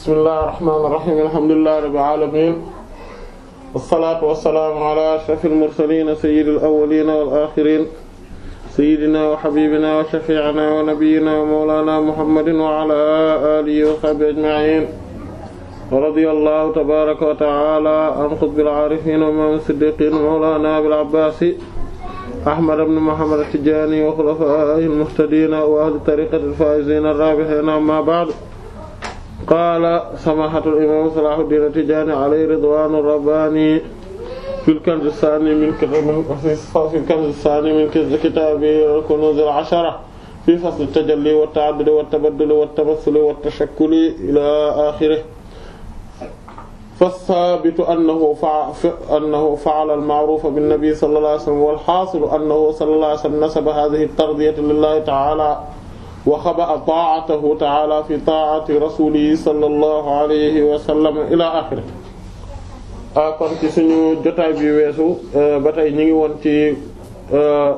bismillahir rahmanir rahim alhamdulillahi rabbil alamin wassalaatu wassalaamu ala ashrafil mursaliin sayyidil awwaliin wal aaxiriin sayyidinaa wa habiibinaa wa shafii'inaa wa nabiyyinaa wa mawlaanaa muhammadin wa ala aalihi wa sahbihi ajma'iin wa radiyallaahu tabaaraka wa ta'aalaa an qutbil aarifiin wa imaamil siddiiqiin wa mawlaanaa abil abbaasi ahmad ibn muhammad at-tijaani wa xulafaa'ihil muhtadiin wa ahli tariiqatil faa'iziin ar-raabihiin ammaa ba'du qaala samahatul imam Salahuddin At-Tidjânî alayhi ridwanu rabbani fil kanz as-sâni min fil kanz as-sâni min kitâbihi al-kunûz al-'ashara fi fasl at-tajallî wat-ta'addudi wat-tabadduli wat-tamassuli wat-tashakkuli ilâ âxirih فالثابت أنه فعل أنه فعل المعروف بالنبي صلى الله عليه وسلم والحاصل أنه صلى الله عليه وسلم نسب هذه الترضية لله تعالى wa xaba'a taa'atahu ta'ala fi taa'ati rasulihi sallallahu alayhi wa sallam ila axiri kon ci suñu jotaay bi weesu euh, ba tey ñu ngi woon ci euh,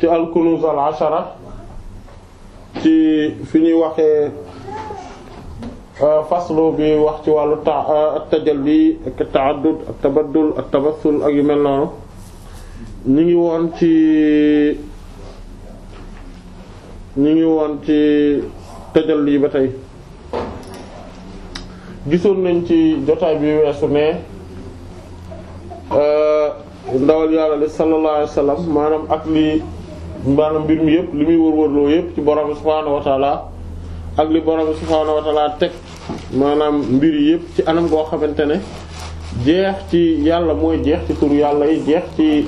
ci al-kunuz ashara ci fi ñuy waxee euh, faslu bi wax ci wàllu at-tajalli ak at-ta'addud ak tabaddul ak tabassul ak yu mel noonu ngi woon ci. ñu ngi woon ci tëjal lii ba tey gisoon nañ ci jotaay bi weesu ne euh, ndawal yàlla li sallallahu alayhi wasallam maanaam ak li maanaam mbir mi yëpp li muy wërwërloo yëpp ci borom bi subhaanahu ak li borom bi subhaanahu teg maanaam mbir yëpp ci anam goo xamante ne jeex ci yàlla mooy jeex ci turu yàlla yi jeex ci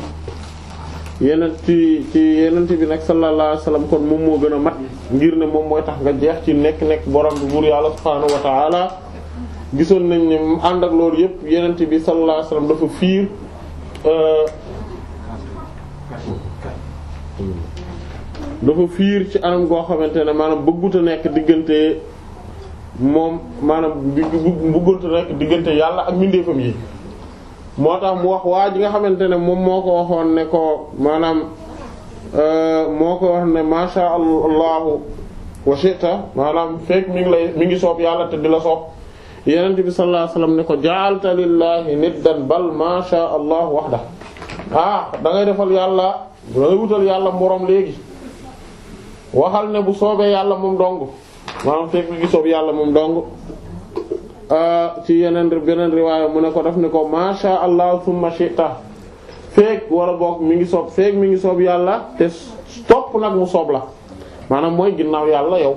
yeneen ci ci yeneen bi nag sallallahu alayhi wasallam kon moom moo gën a mat ngir ne moom mooy tax nga jeex ci nekk nekk borom bi buur yàlla subhaanahu wa ta'ala gisoon nañ ne ànd ak loolu yëpp yeneen bi sallallahu alayhi wasallam dafa fiir euh, dafa fiir ci anam goo xamante ne maanaam bëgguta nekk diggante moom maanaam bëgguta nekk diggante yàlla ak mbindeefam yi moo tax mu wax waa ji nga xamante ne moom moo ko waxoon ne ko maanaam euh, moo ko wax ne masha allahu wa maanaam fekk mi ngi lay mi ngi soob yàlla te di la soob yenent bi sallallahu alayhi ne ko ja'alta lillahi dan bal masha allahu wahda ah da ngay defal yàlla da wutal yàlla moroom léegi waxal ne bu soobee yàlla moom dong maanaam fekk mi soob yàlla moom dong ci yeneen beneen riwaaya mu ne ko def ne ko masha allah summa shi'ta feek wala boog mi ngi soob feek mi ngi soob yàlla te topp nag mu soob la maanaam mooy ginnaaw yàlla yow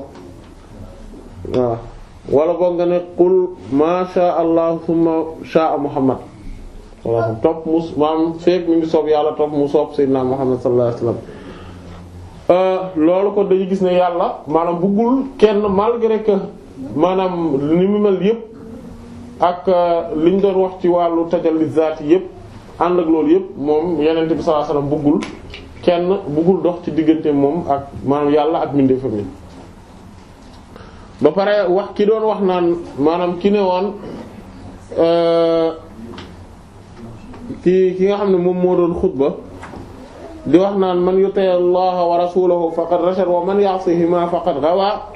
wala boog nga ne qul masha allah summa sha'a muhammad mu mi ngi soob yàlla topp mu soob sayyidina muhammad sallallahu alayhi wasallam euh, loolu ko dañuy gis ne yàlla maanaam bëggul kenn malgré que maanaam ni mu mel yépp ak euh, liñ doon wax ci wàllu tajalli zaat yépp ànd ak loolu yépp moom yenente bi sallallahu alayhi wasallam bëggul kenn bëggul dox ci diggante moom ak maanaam yàlla ak mbindeefam yi ba pare wax ki doon wax naan maanaam ki ne woon euh, ki ki nga xam ne moom moo doon xutba di wax naan man yuti allaha wa rasulahu faqad rashad wa man ya'sihima faqad gawa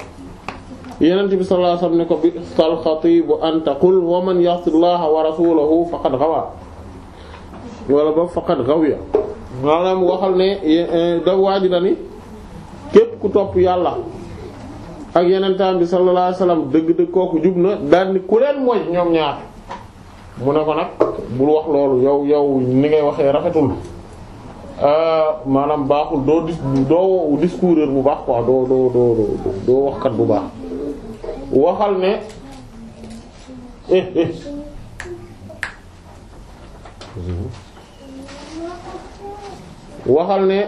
yenent bi sallallahu alayhi wasallam ne ko bi sal xatibu an taqul wa man ya'si llaha wa rasulahu faqad gawa wala ba faqad gawiya maanaam waxal ne e, da waaji ni képp ku topp yàlla ak yenentaan bi sallallahu alayhi dëgg-dëgg kooku jub na daal ni ku leen mooy ñoom ñaar mu ne ko nag bul wax loolu yow yow ni ngay waxee rafetul ah, maanaam baaxul doo dis doo discoureur bu baax quoi doo doo doo doo doo waxkat bu baax waxal ne waxal ne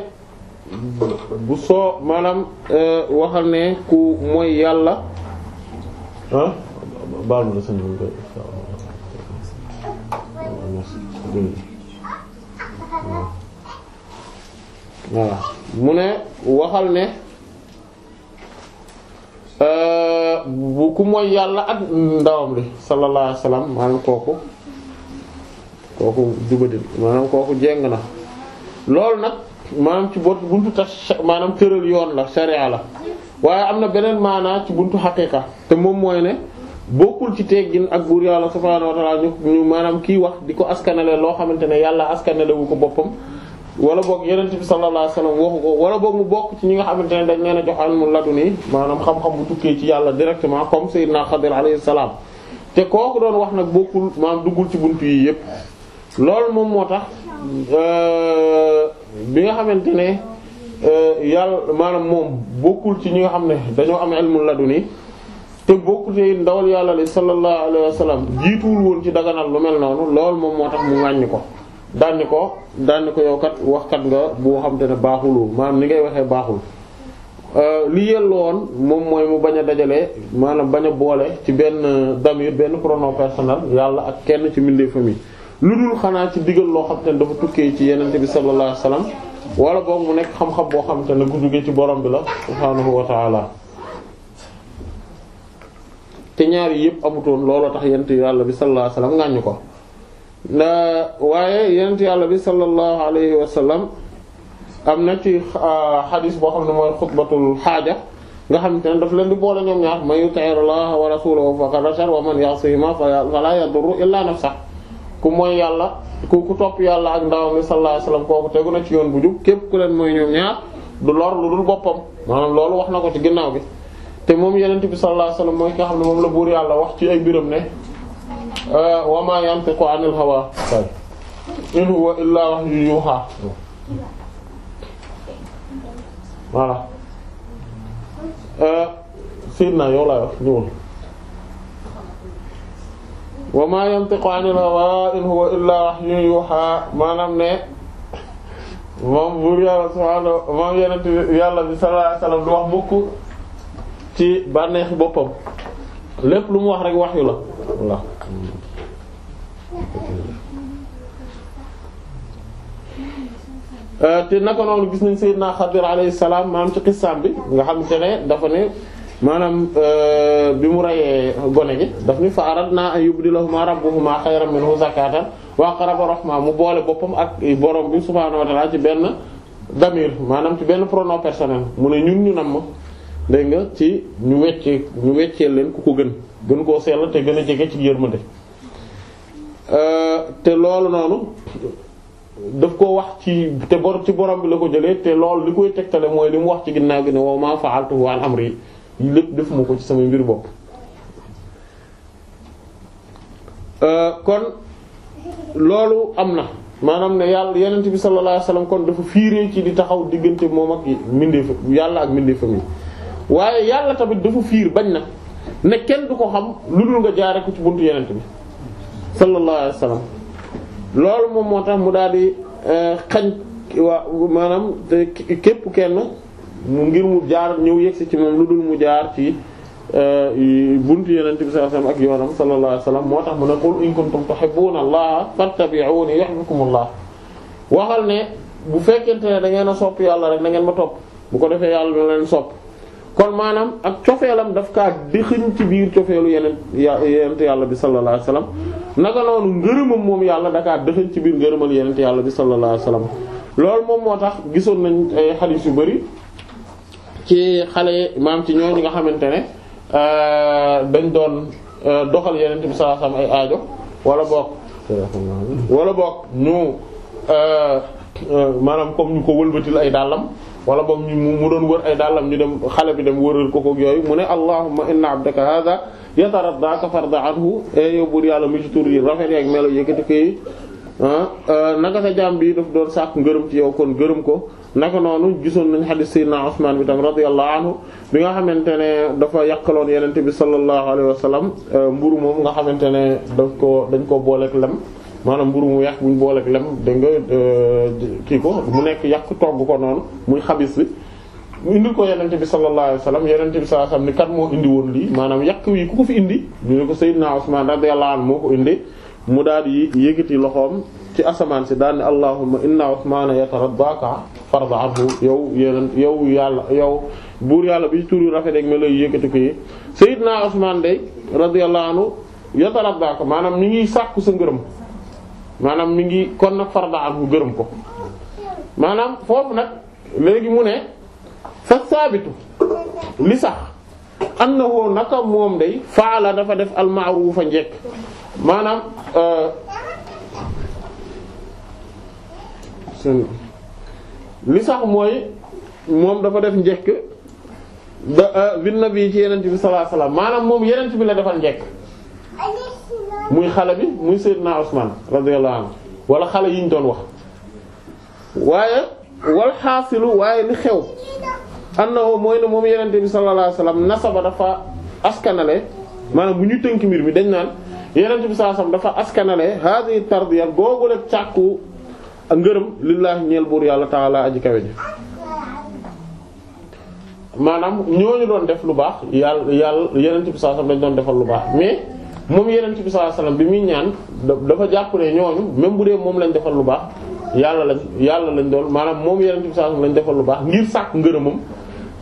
bu soo maanaam eh, waxal ne ku mooy yàlla ah baal na sëñ waxal ne bu euh, ku mooy yàlla ak ndawam li sallallahu alayhi wasallam maanaam kooku kooku jubadil maanaam kooku jéng na loolu nag maanaam ci bot buntu tax maanaam tëral yoon la sharia la waaye am na beneen maanaa ci buntu xaqiiqa te moom mooy ne bokkul ci teggin ak buur yàlla subhaanahu wa ta'aala ñu maanaam kii wax di ko askanale loo xamante ne yàlla askanale ko boppam wala boog yonent bi sallallahu alayhi wasallam waxu ko wala boog mu bokk ci ñi nga xamante ne dañ leen a jox ilmu laduni maanaam xam-xam bu tukkee ci yàlla directement comme Seydina Xadir alayhi salaam te kooku doon wax nag bokkul maanaam duggul ci buntu yi yépp loolu moom moo tax euh, bi nga xamante ne euh, yàlla maanaam moom bokkul ci ñi nga xam ne dañoo am ilmu laduni te bokkutee ndawal yàlla li sallallahu alayhi wasallam jiituwul woon ci daganal lu mel noonu loolu moom moo tax mu ŋàññi ko. daan ko daan ni ko yow kat waxkat nga boo xam te ne baaxuloo maanaam ni ngay waxee baaxul euh, li yelloo woon moom mooy mu bañ a dajale maanaam bañ a boole ci benn damir benn pronom personnel yàlla ak kenn ci mbindee famille lu dul xanaa ci digal loo xam te ne dafa tukkee ci yenente bi sallallahu alayhi wasallam wala boog mu nekk xam-xam boo xam te ne ku jógee ci borom bi la subhaanahu wa ta'ala te ñaari yëpp amutoon looloo tax yent yàlla bi sallallahu alayhi wasallam ko waaye yonent yàlla bi sallallahu alayhi wa sallam am na ci ah, xadis boo xam ne mooy xutbatul xaaja nga xam te ne daf leen di boole ñoom ñaar man yuti'ir Allah wa rasulahu faqad rashad wa man ya'sihima fala yadurru illa nafsa ku mooy yàlla ku ku yàlla ak ndawam bi sallallahu alayhi kooku tegu ci yoon bu jub képp ku mooy ñoom ñaar du lor lu dul boppam maanaam ci ginnaaw bi te moom yonent bi sallallahu alayhi mooy ki nga xam ne moom la buur yàlla wax ci ay biram ne Uh, wa ma yantiqu anil hawa in huwa illa wahyu yuha hmm. voilà uh, Seydina yow laa wax ñëwul wa ma yantiqu anil hawa in huwa illa wahyun yuha maanaam ne moom buur yàlla subhaanahu moom yenent yàlla bi sallallahu alayhi wasallam du wax mukk ci bànneexi boppam lépp lu mu wax rek wahyu la Euh, te naka noonu gis nañ Seydina Xadir alayhi salaam maanaam ci xissaam bi nga xamante ne dafa ne maanaam euh, bi mu rayee gone gi daf ni fa aradna an yubdilahuma rabbuhuma xayran minhu zakatan wa aqraba rahma mu boole boppam ak borom bi subhaanahu wa ci benn damir maanaam ci benn pronom personnel mu ne ñun ñu nam dégg nga ci ñu weccee ñu weccee leen ku ko gën gën koo sell te gën a jege ci yërmande euh, te loolu noonu daf ko wax ci te bor ci borom bi la ko jële te lool li koy tegtale mooy li mu wax ci ginnaaw gi ne waaw maa waan an amri lépp defuma ko ci sama mbir bopp. Euh, kon loolu am na maanaam ne yàlla yenent bi sallallahu alayhi dafa fiiree ci di taxaw diggante moom ak mbindeef yàlla ak mbindeefam yi waaye yàlla tamit dafa fiir bañ na ne kenn du ko xam lu dul nga jaar ko ci buntu yenent bi sallallahu alayhi wasallam loolu moom moo tax mu daal di euh, xañ waa maanaam te képp kenn mu ngir mu jaar ñëw yegsi ci moom lu dul mu jaar ci euh, buntu yenente bi sallallahu alayhi wasallam ak yoonam sallallahu alayhi wasallam moo tax mu ne qul in kuntum tuhibbuna allaha fattabi'uni yuhibbukumullah waxal ne bu fekkente ne da ngeen a sopp yàlla rek da ngeen ma topp bu ko defee yàlla na leen sopp kon maanaam ak cofeelam daf kaa dëxëñ ci biir cofeelu yeneen yenent yàlla bi sallallahu alayhi wasallam naka noonu ngërëmam moom yàlla dakaa dëxëñ ci biir ngërëmal yenent yàlla bi sallallahu alayhi wasallam loolu moom moo tax gisoon nañ ay xadiis yu bari ci xale maam ci ñooñu nga xamante ne euh, dañ doon euh, doxal yenent bi sallallahu alayhi ay aajo wala boog wala boog ñu euh, maanaam comme ñu ko wëlbatil ay dàllam wala boog ñu mu doon wër ay dàllam ñu dem xale bi dem wëral ko kook yooyu mu ne allahumma inna abdaka daa yataraddaaka farda anhu e yow buur yàlla mu ci tur yi rafet yi ak melo yëkkati koy ah, ah, naka sa jaam bi daf doon sàkk ngërëm ci yow kon gërëm ko naka noonu gisoon nañ xadis sayyidina Usmaan bi tam radiyallahu anhu bi nga xamante ne dafa yàqaloon yenente bi sallallahu alayhi wa e, mburu moom nga xamante ne daf ko dañ ko booleeg lem maanaam mburu mu yàq bu ñu booleeg lem dégg nga euh, kii ko mu nekk yàq togg ko noonu muy xabis bi. mu indil ko yenente bi sallallahu alayhi wasallam yenente bi sallallahu alayhi wasallam ni kat moo indi woon lii maanaam yàq wi ku ko fi indi ñu ne ko seyd naa radiyallahu anhu moo ko indi mu daal di yëkkati loxoom ci asamaan si daal ne allahumma inna Usmana yataraddaka farda anhu yow yeneen yow yàlla yow buur yàlla bi turu rafet ak me lay yëkkati ko yi Seydina Usman day radiyallahu anhu yataraddaka maanaam ni ngi sàkku sa ngërëm maanaam mi ngi kon nag ak mu gërëm ko maanaam foofu nag léegi mu ne fa saabitu li sax am na annahu naka moom day faala dafa def al ma'rufa njekk maanaam euh, li sax mooy moom dafa def njekk da bin euh, nabi ci yenent bi sallallahu alayhi maanaam moom yenent bi la defal njekk muy xale bi muy Seydina Usman radiyallahu anhu wala xale yi ñu doon wax waaye wal xaasilu waaye li xew annahu mooy ne moom yenente bi sallallahu alayhi wasallam nasaba dafa askanale maanaam bu ñuy tënk mbir mi dañ naan yenente bi sallallahu alayhi dafa askanale hadi tardiya googu la càkku ngërëm lillaahi ñeel buur yàlla ta'ala aj kawe ji maanaam ñooñu doon def lu baax yàlla yàlla yenente bi sallallahu alayhi dañ doon defal lu baax mais moom yeneen ci bi sallallahu bi muy ñaan dafa jàpp ne ñooñu même bu dee moom lañ defal lu baax yàlla lañ yàlla lañ doon maanaam moom yeneen ci bi sallallahu alayhi lu baax ngir sàkk ngërëmam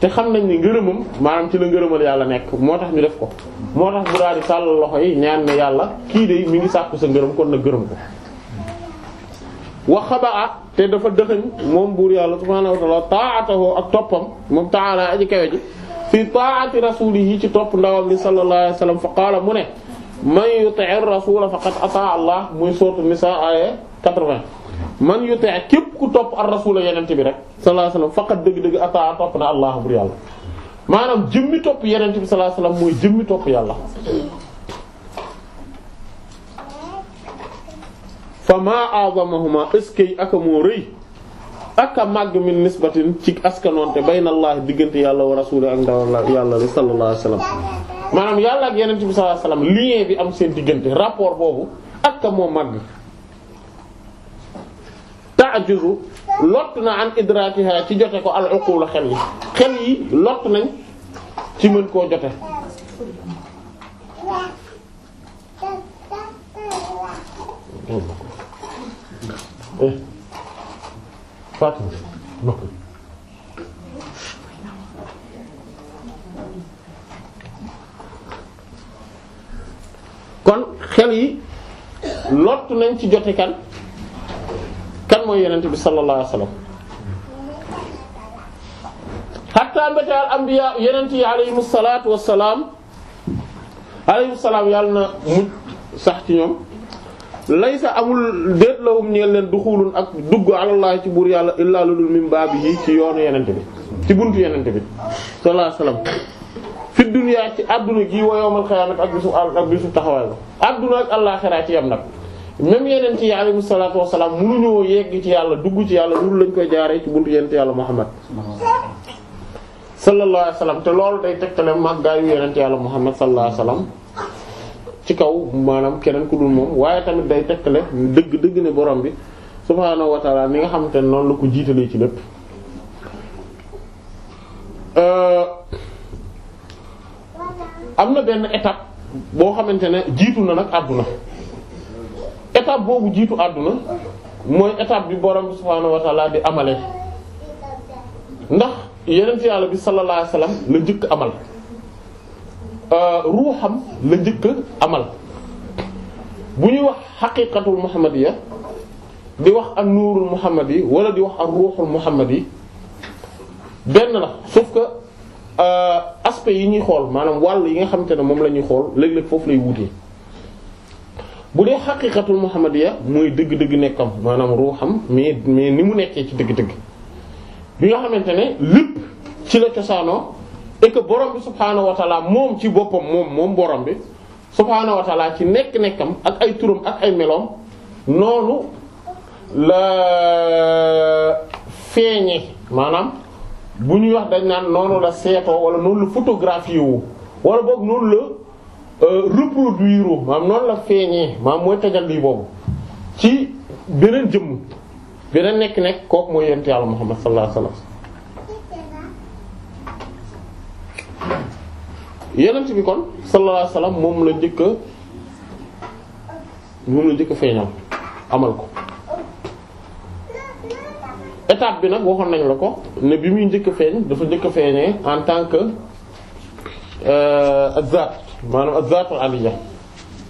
te xam nañ ni ngërëmam maanaam ci la ngërëmal yàlla nekk moo tax ñu def ko moo tax bu daal loxo yi ñaan ne yàlla kii de mi ngi sàkku sa ngërëm kon na gërëm ko wax xabaa te dafa dëxëñ moom buur yàlla subhaanahu wa ta'ala ta'atuhu ak toppam moom ta'ala aji kawe ji fii ta'ati rasulihi ci topp ndawam li sallallahu alayhi wasallam fa qaala mu ne man yuti'ir rasula faqad ata allah muy sourate nisa aya 80 man yuti' képp ku topp ar rasula yenent bi rek sallallahu alayhi wasallam faqad dëgg-dëgg ata topp na allah bur yàlla maanaam jëmmi topp yenent bi sallallahu alayhi wasallam mooy jëmmi topp yàlla fa ma azamahuma aka moo rëy aka màgg min nisbatin ci askanoonte baynallaahi diggante yàlla wa rasula ak ndawal yàlla sallallahu alayhi wasallam maanaam yàlla ak yeneen bi sallallahu alayhi wasallam lien bi am seen diggante rapport boobu ak ka moo màgg ta'juzu na an idrakiha ci jote ko al uqul xel yi xel yi lott nañ ci mën koo jote eh. xel yi lottu nañ ci joti kan kan mooy yenente bi sallallahu alayhi wasallam xattaa mbéta al anbiya yenent yi alayhim salaatu wassalaam alayhim salaam yàlla na mujj sax ci ñoom laysa amul déet lawum ñeel leen duxulun ak dugg àlallaahi ci buur yàlla illaa lulul min baabi yi ci yoonu yenente bi ci buntu yenente bi sallallahu alayhi fi duniyaa ci àdduna gi wa yawmal qiyaamati ak bisu ak bisu taxawaay ba àdduna ak àllaaxira ci yam nag même yeneen ci alayhi salaatu wassalaam mënuñoo yegg ci yàlla dugg ci yàlla loolu lañ koy jaaree ci buntu yeneen ci yàlla Muhammad sallallahu alayhi wasallam te lool day tegtale màggaayu yeneen ci yàlla Muhammad sallallahu alayhi wasallam ci kaw maanaam keneen ku dul moom waaye tamit day tegtale dëgg dëgg ne borom bi subhaanahu wa ni nga xamante ne noonu la ko jiitalee ci lépp. Euh, am na benn étape boo xamante ne jiitu na nag àdduna étape boobu jiitu àdduna mooy étape bi borom bi subhaanahu di amale ndax yeneen ci yàlla bi sallallahu alayhi la njëkk amal euh, ruuxam la njëkk amal bu ñuy wax xaqiqatul muhammadiyya di wax ak nuurul muhammadi wala di wax ak ruuxul muhammadi benn la sauf que Euh, aspect yi ñuy xool maanaam wàll yi nga xamante ne moom la xool léegi léeg foofu lay wutee bu dee xaqiqatul muhammadiya mooy dëgg-dëgg nekkam maanaam ruuxam mais mais ni mu nekkee ci dëgg-dëgg bi nga xamante ne lépp ci la cosaanoo et que borom bi subhaanahu moom ci boppam moom moom borom bi subhaanahu wa taala ci nekk-nekkam ak ay turam ak ay meloom noonu la feeñe maanaam bu ñuy wax dañ naan noonu la seetoo wala noonu la photographie wu wala noonu la euh, reproduire wu noonu la feeñee maanaam mooy tajalli boobu ci beneen jëmm beneen nekk-nekk kooku mooy yonent Yàlla Muhammad sallallahu alayhi wasallam yonent bi kon sallallahu alayhi moom la njëkk a moom la njëkk feeñal amal ko. étape bi nag waxoon nañ la ko ne bi muy njëkk feeñ dafa njëkk a feeñee en tant que euh, azat maanaam azatul aliya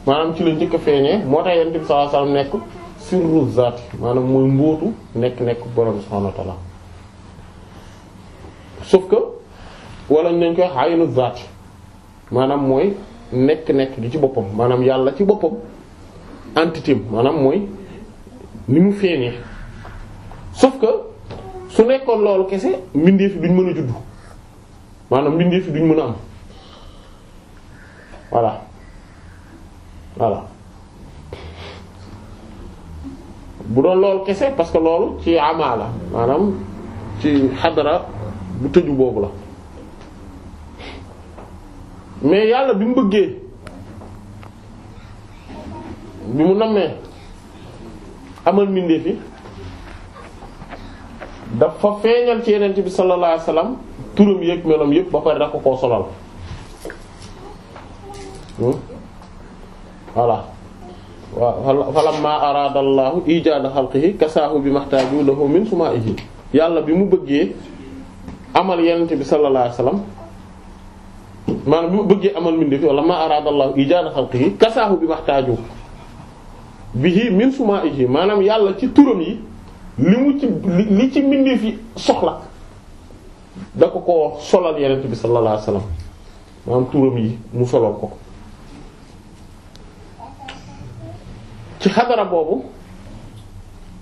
maanaam ci la njëkk feeñee moo tax yonent bi sallallahu alayhi wasallam nekk sirru zaat maanaam mooy mbóotu nekk nekk borom subhanahu wa ta'ala sauf que wala nañ koy aynu zaat maanaam mooy nekk nekk gi ci boppam maanaam yàlla ci boppam entité maanaam mooy ni mu feeñee sauf que su nekkoon loolu kese mbindeef yi duñ mën a juddu maanaam mbindeef yi duñ mën a am voilà voilà bu doon loolu kese parce que loolu ci amaa la maanaam ci xadara bu tëju boobu la mais yàlla bi mu bëggee bi mu nammee amal mbindeef dafa feeñal ci yeneen bi sallallahu alayhi wasallam turam yëpp meloom yëpp ba pare da ko koo solal hmm? voilà waaw falamma arada allahu ijaada xalqihi kasaahu bi maxtaaju lahu min sumaihi yàlla bi mu bëggee amal yenente bi sallallahu alayhi wasallam maanaam bi mu bëggee amal min defi wala ma arada allahu ijaada xalqihi kasaahu bi maxtaaju bihi min sumaihi maanaam yàlla ci turam yi li mu ci li ci mbindeef yi soxla da ko ko solal yenent bi sallallahu alayhi wasallam maanaam turam yi mu solal ko ci xadara boobu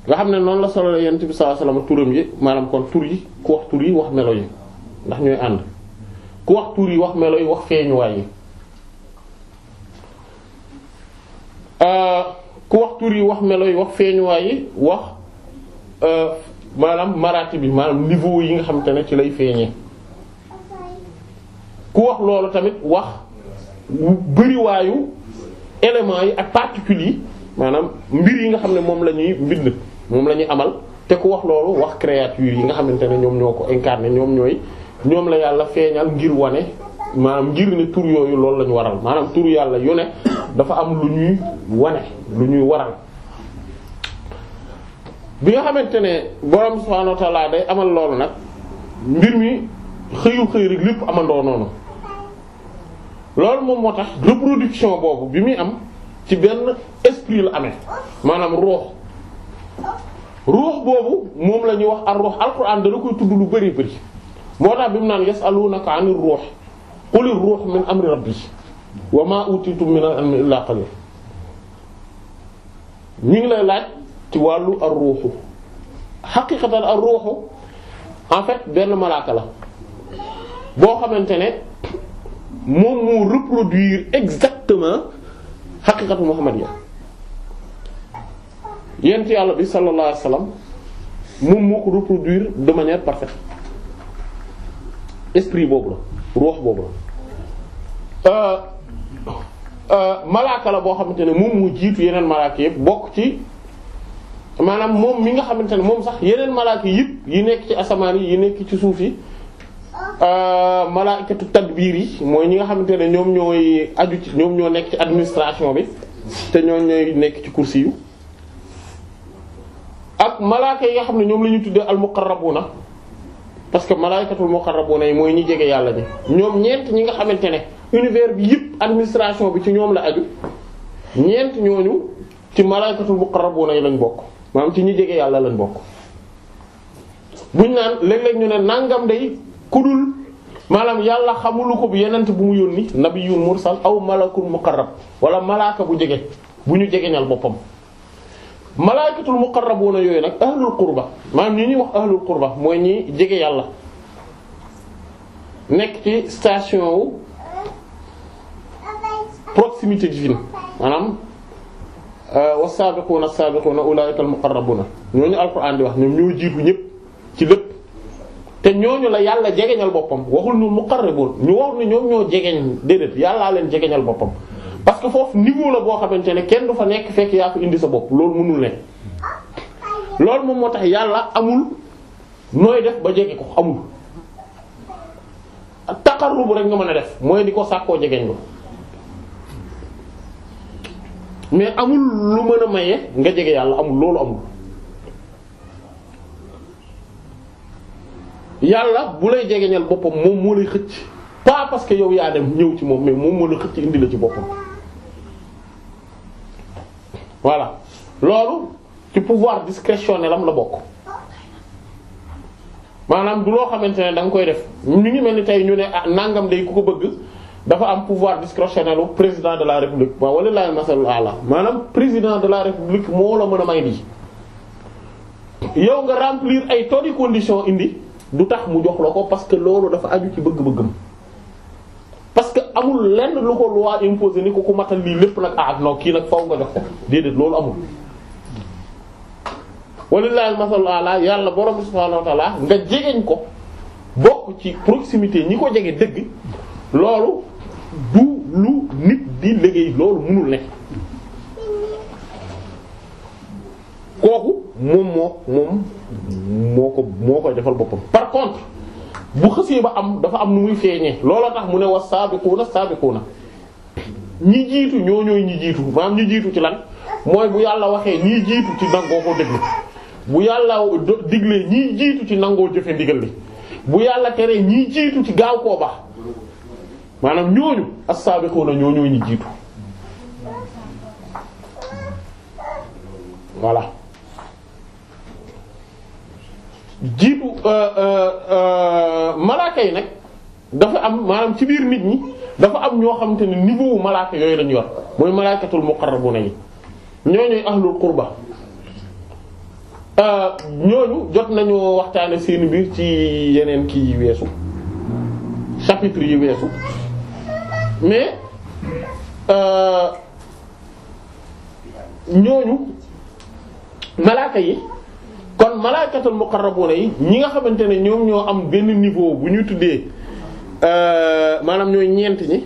nga xam ne noonu la solal yenent bi sallallahu alayhi wasallam turam yi maanaam kon tur yi ku wax tur yi wax melo yi ndax ñooy ànd ku yi wax melo yi wax feeñuwaay yi euh, ku wax tur yi wax melo yi wax feeñuwaay yi wax Euh, maanaam maraati bi maanaam niveau yi nga xamante ne ci lay feeñee ku wax loolu tamit wax bëriwaayu éléments yi ak particules yi maanaam mbir yi nga xam ne moom la ñuy mbind moom la ñuy amal te ku wax loolu wax créature yi nga xamante ne ñoom ñoo ko incarné ñoom ñooy ñoom la yàlla feeñal ngir wane maanaam ngir ne tur yooyu loolu la ñu waral maanaam tur yàlla yu ne dafa am lu ñuy wane lu ñuy waral bi nga xamante ne borom subhaanahu wa day amal loolu nag mbir mi xëyu xëy rek lépp amandoo noonu loolu moom moo tax reproduction boobu bi muy am ci benn esprit la amee maanaam ruux ruux boobu moom la ñuy wax ar ruux alquran dana koy tudd lu bari bari moo tax bi mu naan yasalunaka anir ruux qulir ruux min amri rabbi wa ma utitum min al ilmi illa qalil ñu ngi lay laaj. ci wàllu ar ruuxu xaqiqatan ar ruuxu en fait benn malaaka la boo xamante ne moom moo reproduire exactement xaqiqatu muhammadiyya yent yàlla bi sallallahu alayhi wasallam moom moo ko reproduire de manière esprit boobu la ruux boobu la euh, euh, malaaka la boo xamante ne moom moo jiitu yeneen malaaka yëpp bokk ci maanaam moom mi nga xamante ne moom sax yeneen malaaka yëpp yi nekk ci asamaan yi yi nekk ci suuf yi ah. euh, malaakatu tadbiir yi mooy ñi nga xamante ne ñoom ñooy aju ñoom ñoo nekk ci administration bi te ñoom nekk ci kursi yu ak malaaka yi xam ne ñoom la ñuy tuddee al muqarrabuna parce que malaakatul muqarrabuna yi mooy ñi jege yàlla bi ñoom ñeent ñi nga xamante ne univers bi yëpp administration bi ci ñoom la aju ñeent ñooñu ci malaakatul muqarrabuna yi lañ bokk. maanaam ci ñi jege yàlla lañ bokk buñ naan léeg-léeg ñu ne nàngam day kudul maanaam yàlla xamulu ko bu yenent bu mu yónni nabiyyun mursal aw malakul muqarrab wala malaaka bu jege bu ñu jegeñal boppam malaakatul muqarrabuna yooyu nag ahlul qurba maanaam ñi ñuy wax ahlul qurba mooy ñuy jege yàlla nekk ci station wu proximité divine maanaam Euh, was-saabiquuna as-saabiquuna ulaa'ika al-muqarrabuuna ñooñu alxuraan di wax ñoom ñoo jiitu ñépp ci lépp te ñooñu la yàlla jegeñal boppam waxul ñu muqarrabuun ñu wax ne ñoom ñoo jegeñ déedéet yàllaa leen jegeñal boppam. parce que foofu niveau la boo xamante ne kenn du fa nekk fekk yaa ko indi sa bopp loolu mënul ne loolu moom moo tax yàlla amul nooy def ba jege ko amul taqarrub rek nga mën a def mooy di ko sàkkoo jegeñ ko. mais amul lu mën a maye nga jege yàlla amul loolu amul yàlla bu lay jegeñal boppam moom moo lay xëcc pas parce que yow yaa dem ñëw ci moom mais moom moo la xëcc indi la ci boppam voilà loolu ci pouvoir discrétionnel am la bokk maanaam du loo xamante ne da nga koy def ñu ngi mel ni tey ñu ne ah nangam day ku ko bëgg dafa am pouvoir discrétionnaire président de la république waaw wala laal masalul ala maanaam président de la république moo la mën a may lii yow nga remplir ay tonnes conditions indi du tax mu jox la ko parce que loolu dafa aju ci bëgg-bëggam parce que amul lenn lu ko loi imposé ni ko ku matal lii lépp nag ah non kii nag faw nga jox ko déedéet loolu amul walilahi masalul ala yàlla borom bi subhanahu wa nga jegeñ ko bokk ci proximité ñi ko jege dëgg du lu nit di liggéey loolu mënul ne kooku moom moo moom moo ko moo koy defal boppam par contre bu xësee ba am dafa am nu muy feeñee looloo tax mu ne was saabiquuna saabiquuna ñi jiitu ñoo ñooy ñi jiitu maanaam ñi jiitu ci lan mooy bu yàlla waxee ñii jiitu ci nangoo ko déglu bu yàlla diglee ñii jiitu ci nangoo jëfe ndigal li bu yàlla teree ñii jiitu ci gaaw koo baax maanaam ñooñu as-sabiquna ñooñu ñu jiitu voilà jiitu euh, euh, euh, malaaka yi nag dafa am maanaam ci biir nit ñi dafa am ñoo xamante ne niveau malaaka yooyu lañu yor mooy malaakatul muqarrabuna yi ñooñuy ahlul qurba ñooñu jot nañu waxtaane seen biir ci yeneen kii yi weesu chapitre yi weesu mais euh, ñooñu malaaka yi kon malaakatul muqarrabuna yi ñi nga xamante ne ñoom ñoo am benn niveau bu ñuy tuddee euh, maanaam ñooy ñeent ñi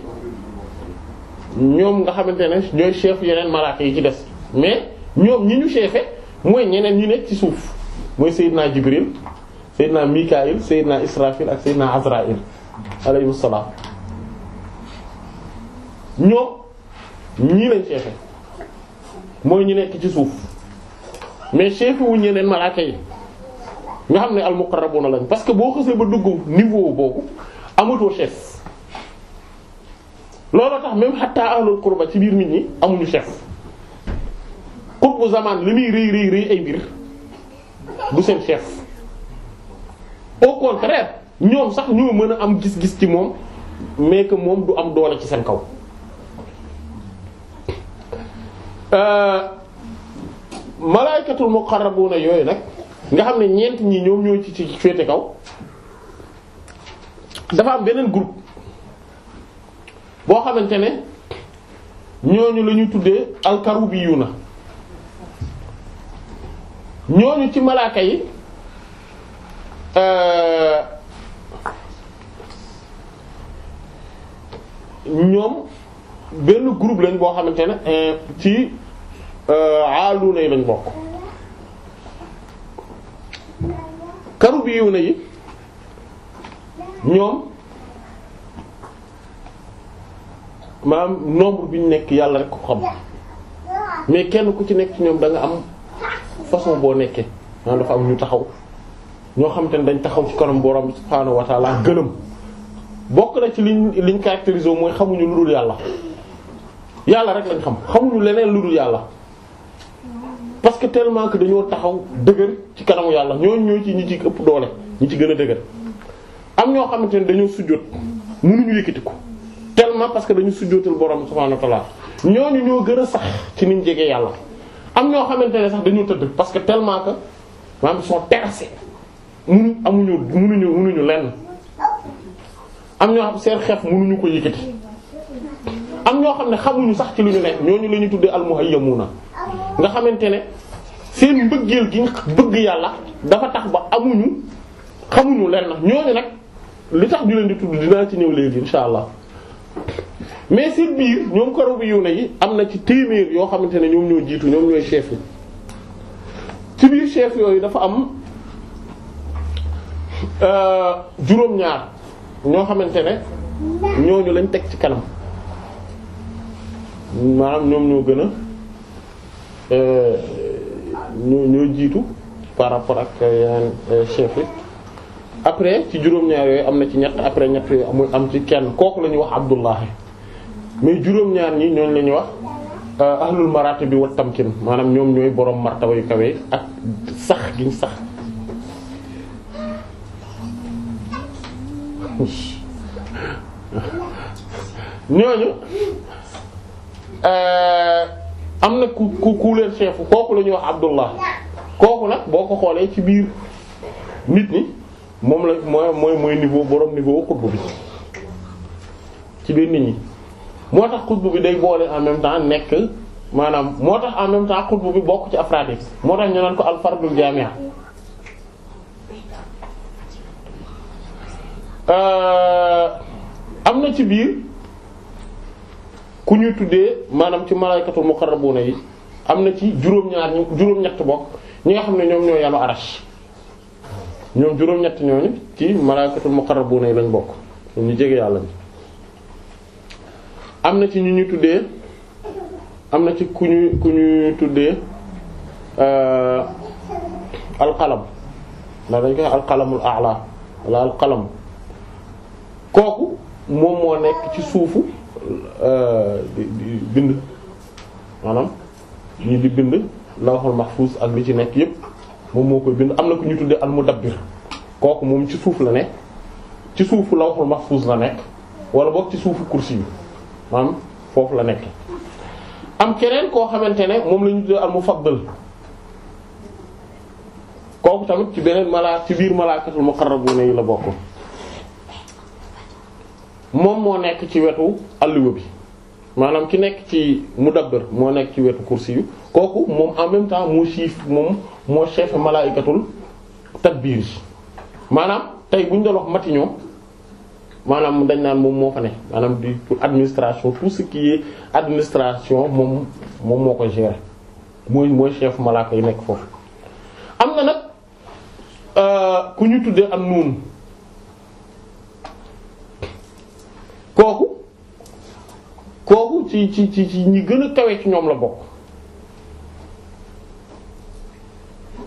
ñoom nga xamante ne ñooy chef yeneen malaaka yi ci des mais ñoom ñi ñu chefe mooy ñeneen ñu nekk ci suuf mooy Seydina Jibril Seydina Mikail Seydina Israfil ak Seydina Azrail alayhi salaam ñoom ñii lañ ceefe mooy ñu nekk ci suuf mais ceefe wu ñeneen malaaka yi nga xam ne al muqarrabuna lañ parce que boo xësee ba duggu niveau boobu amatoo chef loolu tax même xataa ahlul qurba ci biir nit ñi amuñu chef qutbu zaman li muy rëy rëy rëy ay mbir du seen chef au contraire ñoom sax ñoo mën a am gis-gis ci moom mais que moom du am doole ci seen kaw Euh, malaaykatul muqarrabuna yooyu nag nga xam ne ñeent ñi ñoom ñoo ci ci féete kaw dafa am beneen group boo xamante ne ñooñu la ñu tuddee na ñooñu ci malaaka yi euh, ñoom benn groupe lañ boo xamante ne euh, ci Euh, aaluuna yi lañ bokk karubiyuuna yi ñoom maanaam nombre bi ñu nekk yàlla rek ko xam mais kenn ku ci nekk ci ñoom danga am façon boo nekkee maanaam dafa am ñu taxaw ñoo xam te dañ taxaw ci kanam borom subhaanahu wa ta'ala gënam bokk na ci liñ liñ caractérisé mooy xamuñu lu dul yàlla yàlla rek lañ xam xamuñu leneen lu dul yàlla parce que tellement que dañoo taxaw dëgër ci kanamu yàlla ñooñu ñoo ci ñi ci ëpp doole ñi ci gën a dëgër am ñoo xamante ne dañoo sujjóot mënuñu yëkkati ko tellement parce que dañu sujjóotal borom subhaanahu wa ta'aala ñooñu ñoo gën a sax ci niñ jege yàlla am ñoo xamante ne sax dañoo tëdd parce que tellement que maanaam sont terrassés mënu amuñu mënuñu mënuñu lenn am ñoo xam seen xef mënuñu ko yëkkati am xam ne xamuñu sax ci lu ñu ne ñooñu la ñu tuddee al na nga xamante ne seen mbëggeel gi bëgg yàlla dafa tax ba amuñu xamuñu leen nag ñooñu nag li tax ñu leen di tudd dinaa ci ñëw léegi insha allah mais seen biir ñoom karaw bi yiw na yi am na ci téeméer yoo xamante ne ñoom ñoo jiitu ñoom ñooy chef yi ci biir chef yooyu dafa am euh, juróom-ñaar ñoo xamante ne ñooñu lañ teg ci kanam maanaam ñoom ñoo gën a Euh, euh, ñoo ñoo jiitu par rapport ak euh, yeneen chef yi après ci juróom-ñaar yooyu am na ci ñett après ñett yooyu am ci kenn kooku la ñuy wax Abdullahi mais juróom-ñaar ñi ñooñu la wax ahlul maratib bi wat tamkin maanaam ñoom ñooy boroom marta yu kawe ak sax giñ sax. ñooñu. am na ku ku ku leen chef kooku la ñuy wax Abdullah kooku nag boo ko xoolee ci biir nit ñi moom la mooy mooy mooy niveau borom niveau xutbu bi ci biir nit ñi moo tax xutbu bi day boolee en même temps nekk maanaam moo tax en même temps bi bokk ci afraad yi moo tax ñu naan ko al fardul jaami'a euh, am na ci biir. ku ñuy tuddee maanaam ci malaykatu muqarrabuna yi am na ci juróom-ñaar ñu juróom-ñett bokk ñi nga xam ne ñoom ñoo yàlla arash ñoom juróom-ñett ñooñu ci malaykatu muqarrabuna yi lañ bokk ñu jege yàlla ni am na ci ñu ñu tuddee am na ci ku ñu ku ñu tuddee euh, alqalam ndax dañ koy alqalamul a'la wala alqalam kooku moom moo nekk ci suufu Euh, bind maanaam ñii di bind lawhul mahfuz ak li ci nekk yépp moom moo koy bind am na ku ñu tuddee al mudabbir kooku moom ci suuf la ne ci suufu lawhul mahfuz la nekk wala boog ci suufu kursi yi maanaam foofu la nekk am keneen koo xamante ne moom lañu ñu tuddee al mufaddal kooku tamit ci beneen malaaka ci biir malaakatul muqarrabuna yi la bokk moom moo nekk ci wetu alluwa bi maanaam ki nekk ci mu mudabbir moo nekk ci wetu kursi yu kooku moom en même temps moo chiif moom moo chef malaaykatul tadbiir maanaam tey bu ñu doon wax maanaam dañ naan moom moo fa ne maanaam di pour administration tout ce qui est administration moom moom moo ko gérer mooy mooy chef malaaka yi nekk foofu am na nag euh, ku ñu tuddee am nuun kooku kooku ci ci ci ci ñi gën a kawe ci ñoom la bokk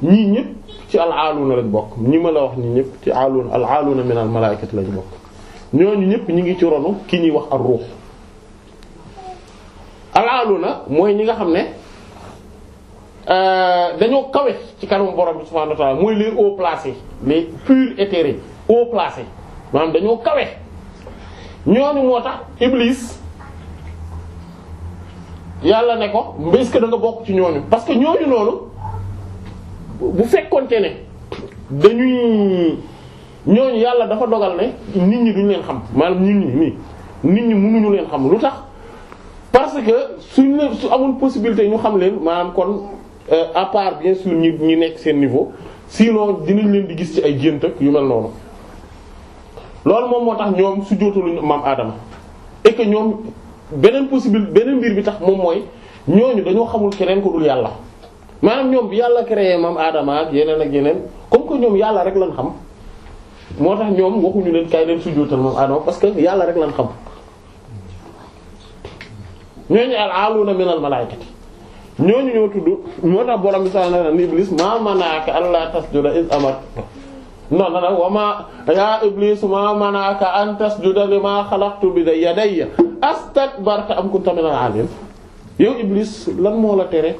ñii ñëpp ci al aaluuna lañ bokk ñi ma la wax nii ñëpp ci aaluuna al aaluuna min al malaayikati lañ bokk ñooñu ñëpp ñi ngi ci ronu ki ñuy wax ar ruux al aaluuna mooy ñi nga xam ne euh, dañoo kawe ci kanamu borom bi subhaanahu wa ta'aala mooy les haut placés les purs éthérés haut placés dañoo kawe ñooñu moo tax Iblis yàlla ne ko est ce que bokk ci ñooñu parce que ñooñu noonu bu fekkonte ne dañuy ñooñu yàlla dafa dogal ne nit ñi duñ leen xam maanaam nit ñi nii nit ñi mënuñu leen xam lu tax parce que suñ su amul possibilité ñu xam leen maanaam kon euh, à part bien sûr ñi ñi nekk seen niveau sinon dinañ leen di gis ci ay gént ak yu mel noonu. loolu moom moo tax ñoom sujjóotaluñu maam Adama et que ñoom beneen possible beneen mbir bi tax moom mooy ñooñu dañoo xamul keneen ko dul yàlla maanaam ñoom bi yàlla créé maam aadama ak yeneen ak yeneen comme que ñoom yàlla rek lañ xam moo tax ñoom waxuñu leen kay leen sujjóotal maam Adama parce que yàlla rek lañ xam ñooñu al aaluuna minal malaa'ikati ñooñu ñoo tudd moo bi subhaanahu wa ta'aala iblis maa manaaka non non non wa ma yaa iblis ma manaka an tasjuda lima xalaqtu bi yadayya astakbarta am kunta minal alim yow iblis lan moo la tere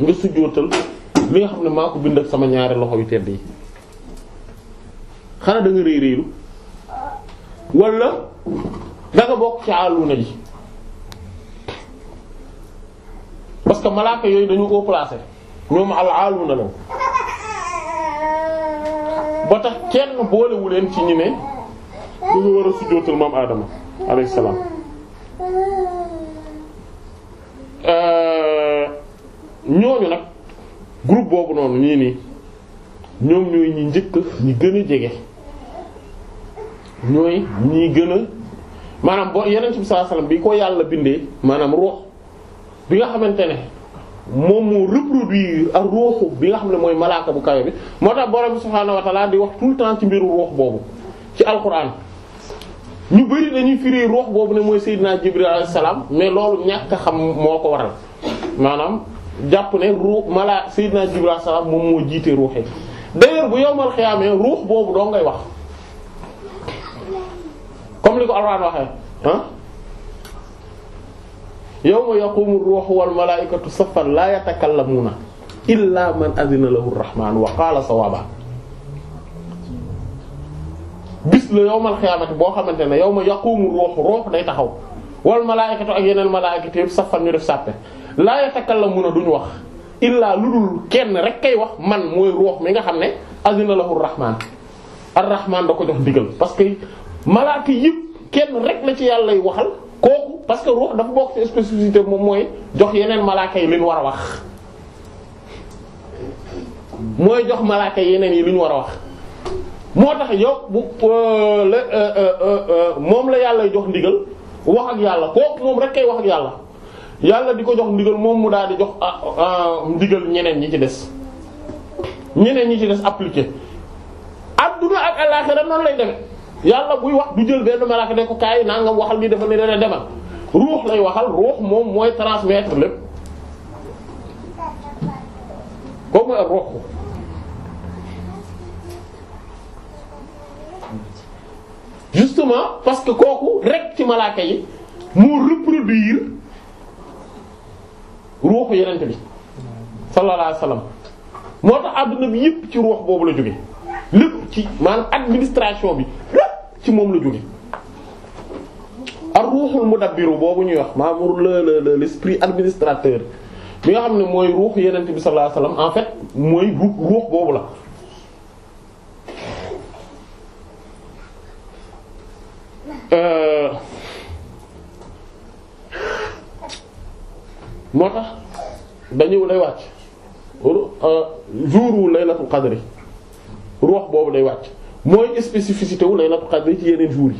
nga sujjóotal li nga xam ne maa ko bind ak sama ñaari loxo yu tedd yi xanaa da nga réy réylu bokk ci àllu na ji que malaaka yooyu dañu ko ñoom al àllu na ba tax kenn boolewu leen ci ñi ne ñu ngi war a sujjóotal maam Adama alayhi salaam euh, ñooñu nag groupe boobu noonu ñii nii ñoom ñooy ñi njëkk ñi gën a jege ñooy ñi gën a maanaam boo yeneen ci bi sallallahu alayhi bi ko yàlla bindee maanaam ruux bi nga xamante ne moom moo reproduire ak ruuxu bi nga xam ne mooy malaaka bu kawe bi moo tax borom subhaanahu wa di wax tout le temps ci mbiru ruux boobu ci alquran ñu bari dañuy firi ruux boobu ne mooy Seydina Jibril alayhi salaam mais loolu ñàkk xam moo ko waral maanaam jàpp ne ruux mala Seydina Jibril alayhi salaam moom moo jiite ruuxi d'ailleurs bu yowmal xiyaamee ruux boobu doo ngay wax comme li ko alquran waxee yawma yaqumu ruuhu wal malaa'ikatu saffan laa yatakallamuuna illaa man adina lahu rahmaan wa qaala sawaaba bis la yawmal xiyaamati boo xamante ne yawma yaqumu ruuhu ruuh day taxaw wal malaa'ikatu ak yeneen malaa'ikatu yëpp saffan ñu def sàppe laa yatakallamuuna duñu wax illaa lu dul kenn rek kay wax man mooy ruux mi nga xam ne adina lahu rahmaan ar rahmaan da ko jox digal parce que malaaka kenn rek la ci yàlla lay waxal. kooku parce que ruux dafa bokk ci spécificité moom mooy jox yeneen malaaka yi li ñu war a wax mooy jox malaaka yeneen yi li ñu war a wax moo tax yow bu euh, la euh, euh, moom la yàlla jox ndigal wax ak yàlla kooku moom rek kay wax ak yàlla yàlla di ko jox ndigal moom mu daal di jox ah, ah, ndigal ñeneen ñi ci des ñeneen ñi ci des appliqué adduna ak àllaxira noonu lay demee yàlla buy wax du jël benn malaaka ne naa kaay nangam waxal lii dafa ne dana demal ruux lay waxal ruux moom mooy transmettre lépp kooku mooy parce que kooku rek ci malaaka yi moo reproduire ruuxu yenent bi sallallahu alayhi wasallam moo tax àdduna bi yépp ci ruux boobu la jóge lépp ci maanaam administration bi ci moom la jóge ar ruuxul mudabbiru boobu ñuy wax maanaam le le l'esprit administrateur bi nga xam ne mooy ruux yenent bi sallallahu alayhi wasallam en fait mooy ruux boobu la euh, moo tax dañu day wàcc euh, jour laylatul qadri ruux boobu day wàcc mooy spécificité wu lay laylatul qadr ci yeneen jours yi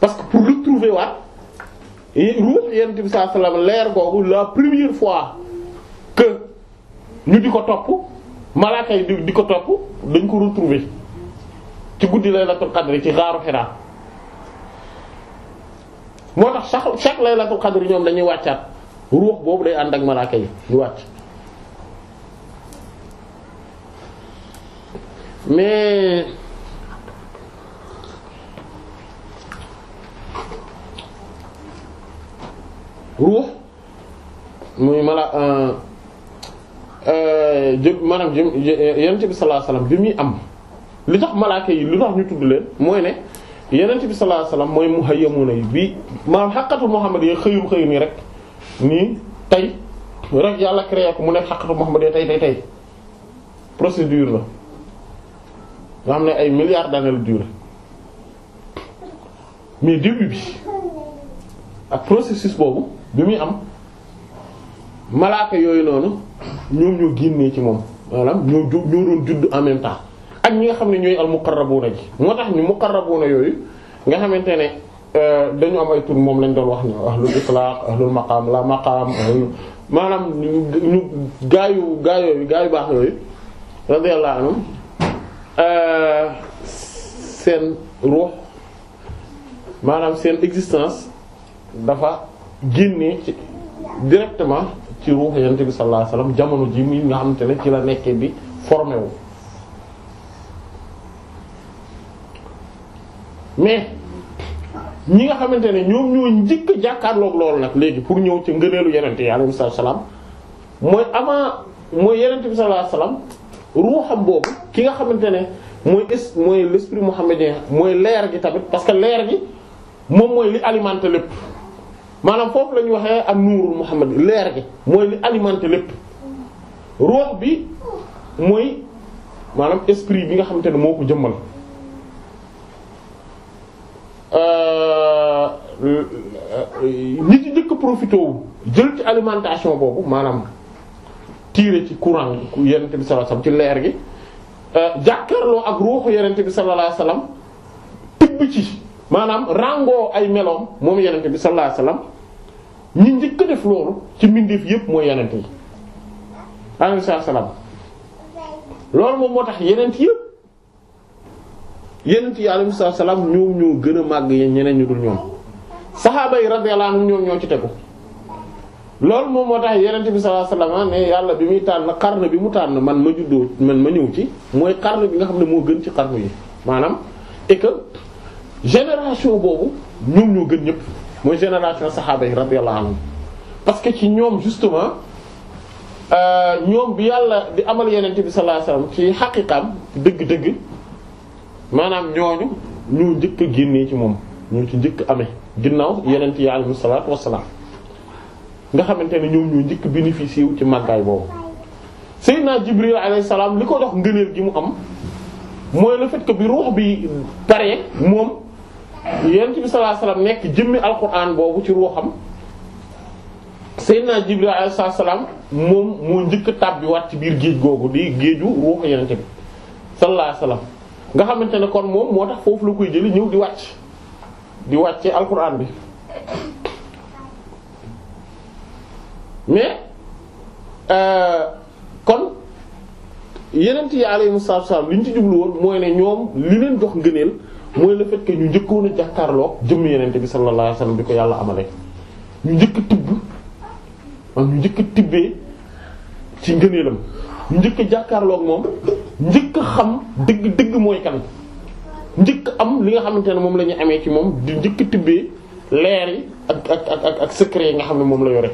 parce que pour lu trouver waat ruux yonent bi sallallahu alayhi leer googu la première fois que ñu di ko topp malaaka yi di ko topp dañ ko retrouver ci guddi lay laylatul qadr ci xaaru Hira moo tax la chaque laylatul qadr ñoom dañuy wàccaat ruux boobu day ànd ak malaaka yi ñu wàcc mais ruux muy mala euh, euh, jë maanaam jëm euh, yonent bi sallallahu alayhi bi muy am li tax malaaka yi lu tax ñu tudd leen mooy ne yonent bi sallallahu alayhi wasallam mooy muhayyamuna yi bi maanaam xaqatu Muhammad yi xëyum xëyu nii rek nii tey rek yàlla créé ko mu nekk xaqatu Muhammad yi tey tey procédure la nga xam ne ay milliards d'années la mais début bi ak processus boobu bi muy am malaaka yooyu noonu ñoom ñoo génnee ci moom maanaam ñoo ñoo doon judd en même temps ak ñi nga xam ne ñooy al muqarrabuna ji moo tax ñu muqarrabuna yooyu nga xamante ne euh, dañu am ay tur moom lañ doon wax ni ahlul itlaq ahlul maqam laa maqam maanaam ñu gaayu gaayooyu gaayu baax yooyu radiyallahu anhum seen ruux maanaam seen existence dafa génnee ci directement ci ruux yonent bi sallallahu alayhi wasallam jamono ji mi nga xamante ne ci la nekkee bi formé mais ñi nga xamante ne ñoom ñoo njëkk a jàkkaarloog loolu nag léegi pour ñëw ci ngëneelu yonent yi alayhi salaam mooy avant mooy yonent bi sallallahu ruuxam boobu ki nga xamante ne mooy es mooy l'esprit mohammedien mooy leer gi tamit parce que leer gi moom mooy li alimenté lépp maanaam foofu la ñu waxee ak nuurul muhammad leer gi mooy li alimenté lépp ruux bi mooy maanaam esprit bi nga xamante ne moo ko jëmmal euh, ñi ci njëkk profité wu jël ci alimentation boobu maanaam tiire ci courant yi ku yenente bi sallallahu alayhi ci leer gi jàkkaarloo ak ruuxu yenente bi sallallahu alayhi wasallam tibb ci maanaam ràngoo ay meloom moom yenente bi sallallahu alayhi wasallam ñi njëkk def loolu ci mbindeef yépp mooy yenente yi alayhi salaam loolu moom moo tax yenent yépp yenent yi alayhi salaam ñoom ñoo gën a màgg ñeneen ñu dul ñoom saxaaba yi radiyallahu anhum ñoom ñoo ci tegu loolu moom moo tax yenente bi sallallahu alayhi wasallam ne yàlla bi muy tànn xarn bi mu tànn man ma juddoo man ma ñëw ci mooy xarn bi nga xam ne moo gën ci xarn yi maanaam et que génération boobu ñoom ñoo gën ñëpp mooy génération saxaaba yi radiyallahu anhum parce que ci ñoom justement euh, ñoom bi yàlla di amal yenente bi sallallahu alayhi wasallam ci xaqiqaam dëgg-dëgg maanaam ñooñu ñoo njëkk a génnee ci moom ñoo ci njëkk amee ginnaaw yenente yi alayhi salaatu wassalaam nga xamante ne ñoom ñoo njëkk bénéficié wu ci màggaay boobu Seydina Jibril alayhi salaam li ko jox ngëneel gi mu am mooy le fait bi ruux bi pare moom yonent bi sallallahu alayhi ci ruuxam Seydina Jibril alayhi salaam moom moo njëkk tàbbiwaat ci biir géej googu di géeju ruux yonent bi sallallahu alayhi nga xamante ne kon moom moo tax foofu la koy jëli ñëw di wàcc di wàcce alquran bi mais euh, kon yenent yi alayhimu salaatu salaam li ñu ci jublu woon mooy ne ñoom li leen jox ngëneel mooy la fait ñu njëkkoon a jàkkaarloo jëmm yenente bi sallallahu alayhi wasallam bi ko yàlla amale ñu njëkk a tibb njëkk a tibbee ci ngëneelam ñu njëkk jàkkaarlook moom njëkk xam dëgg dëgg mooy kan njëkk am li nga xamante ne moom la amee ci moom di njëkk a tibbee leer yi ak ak ak ak secret yi nga xam ne moom la yore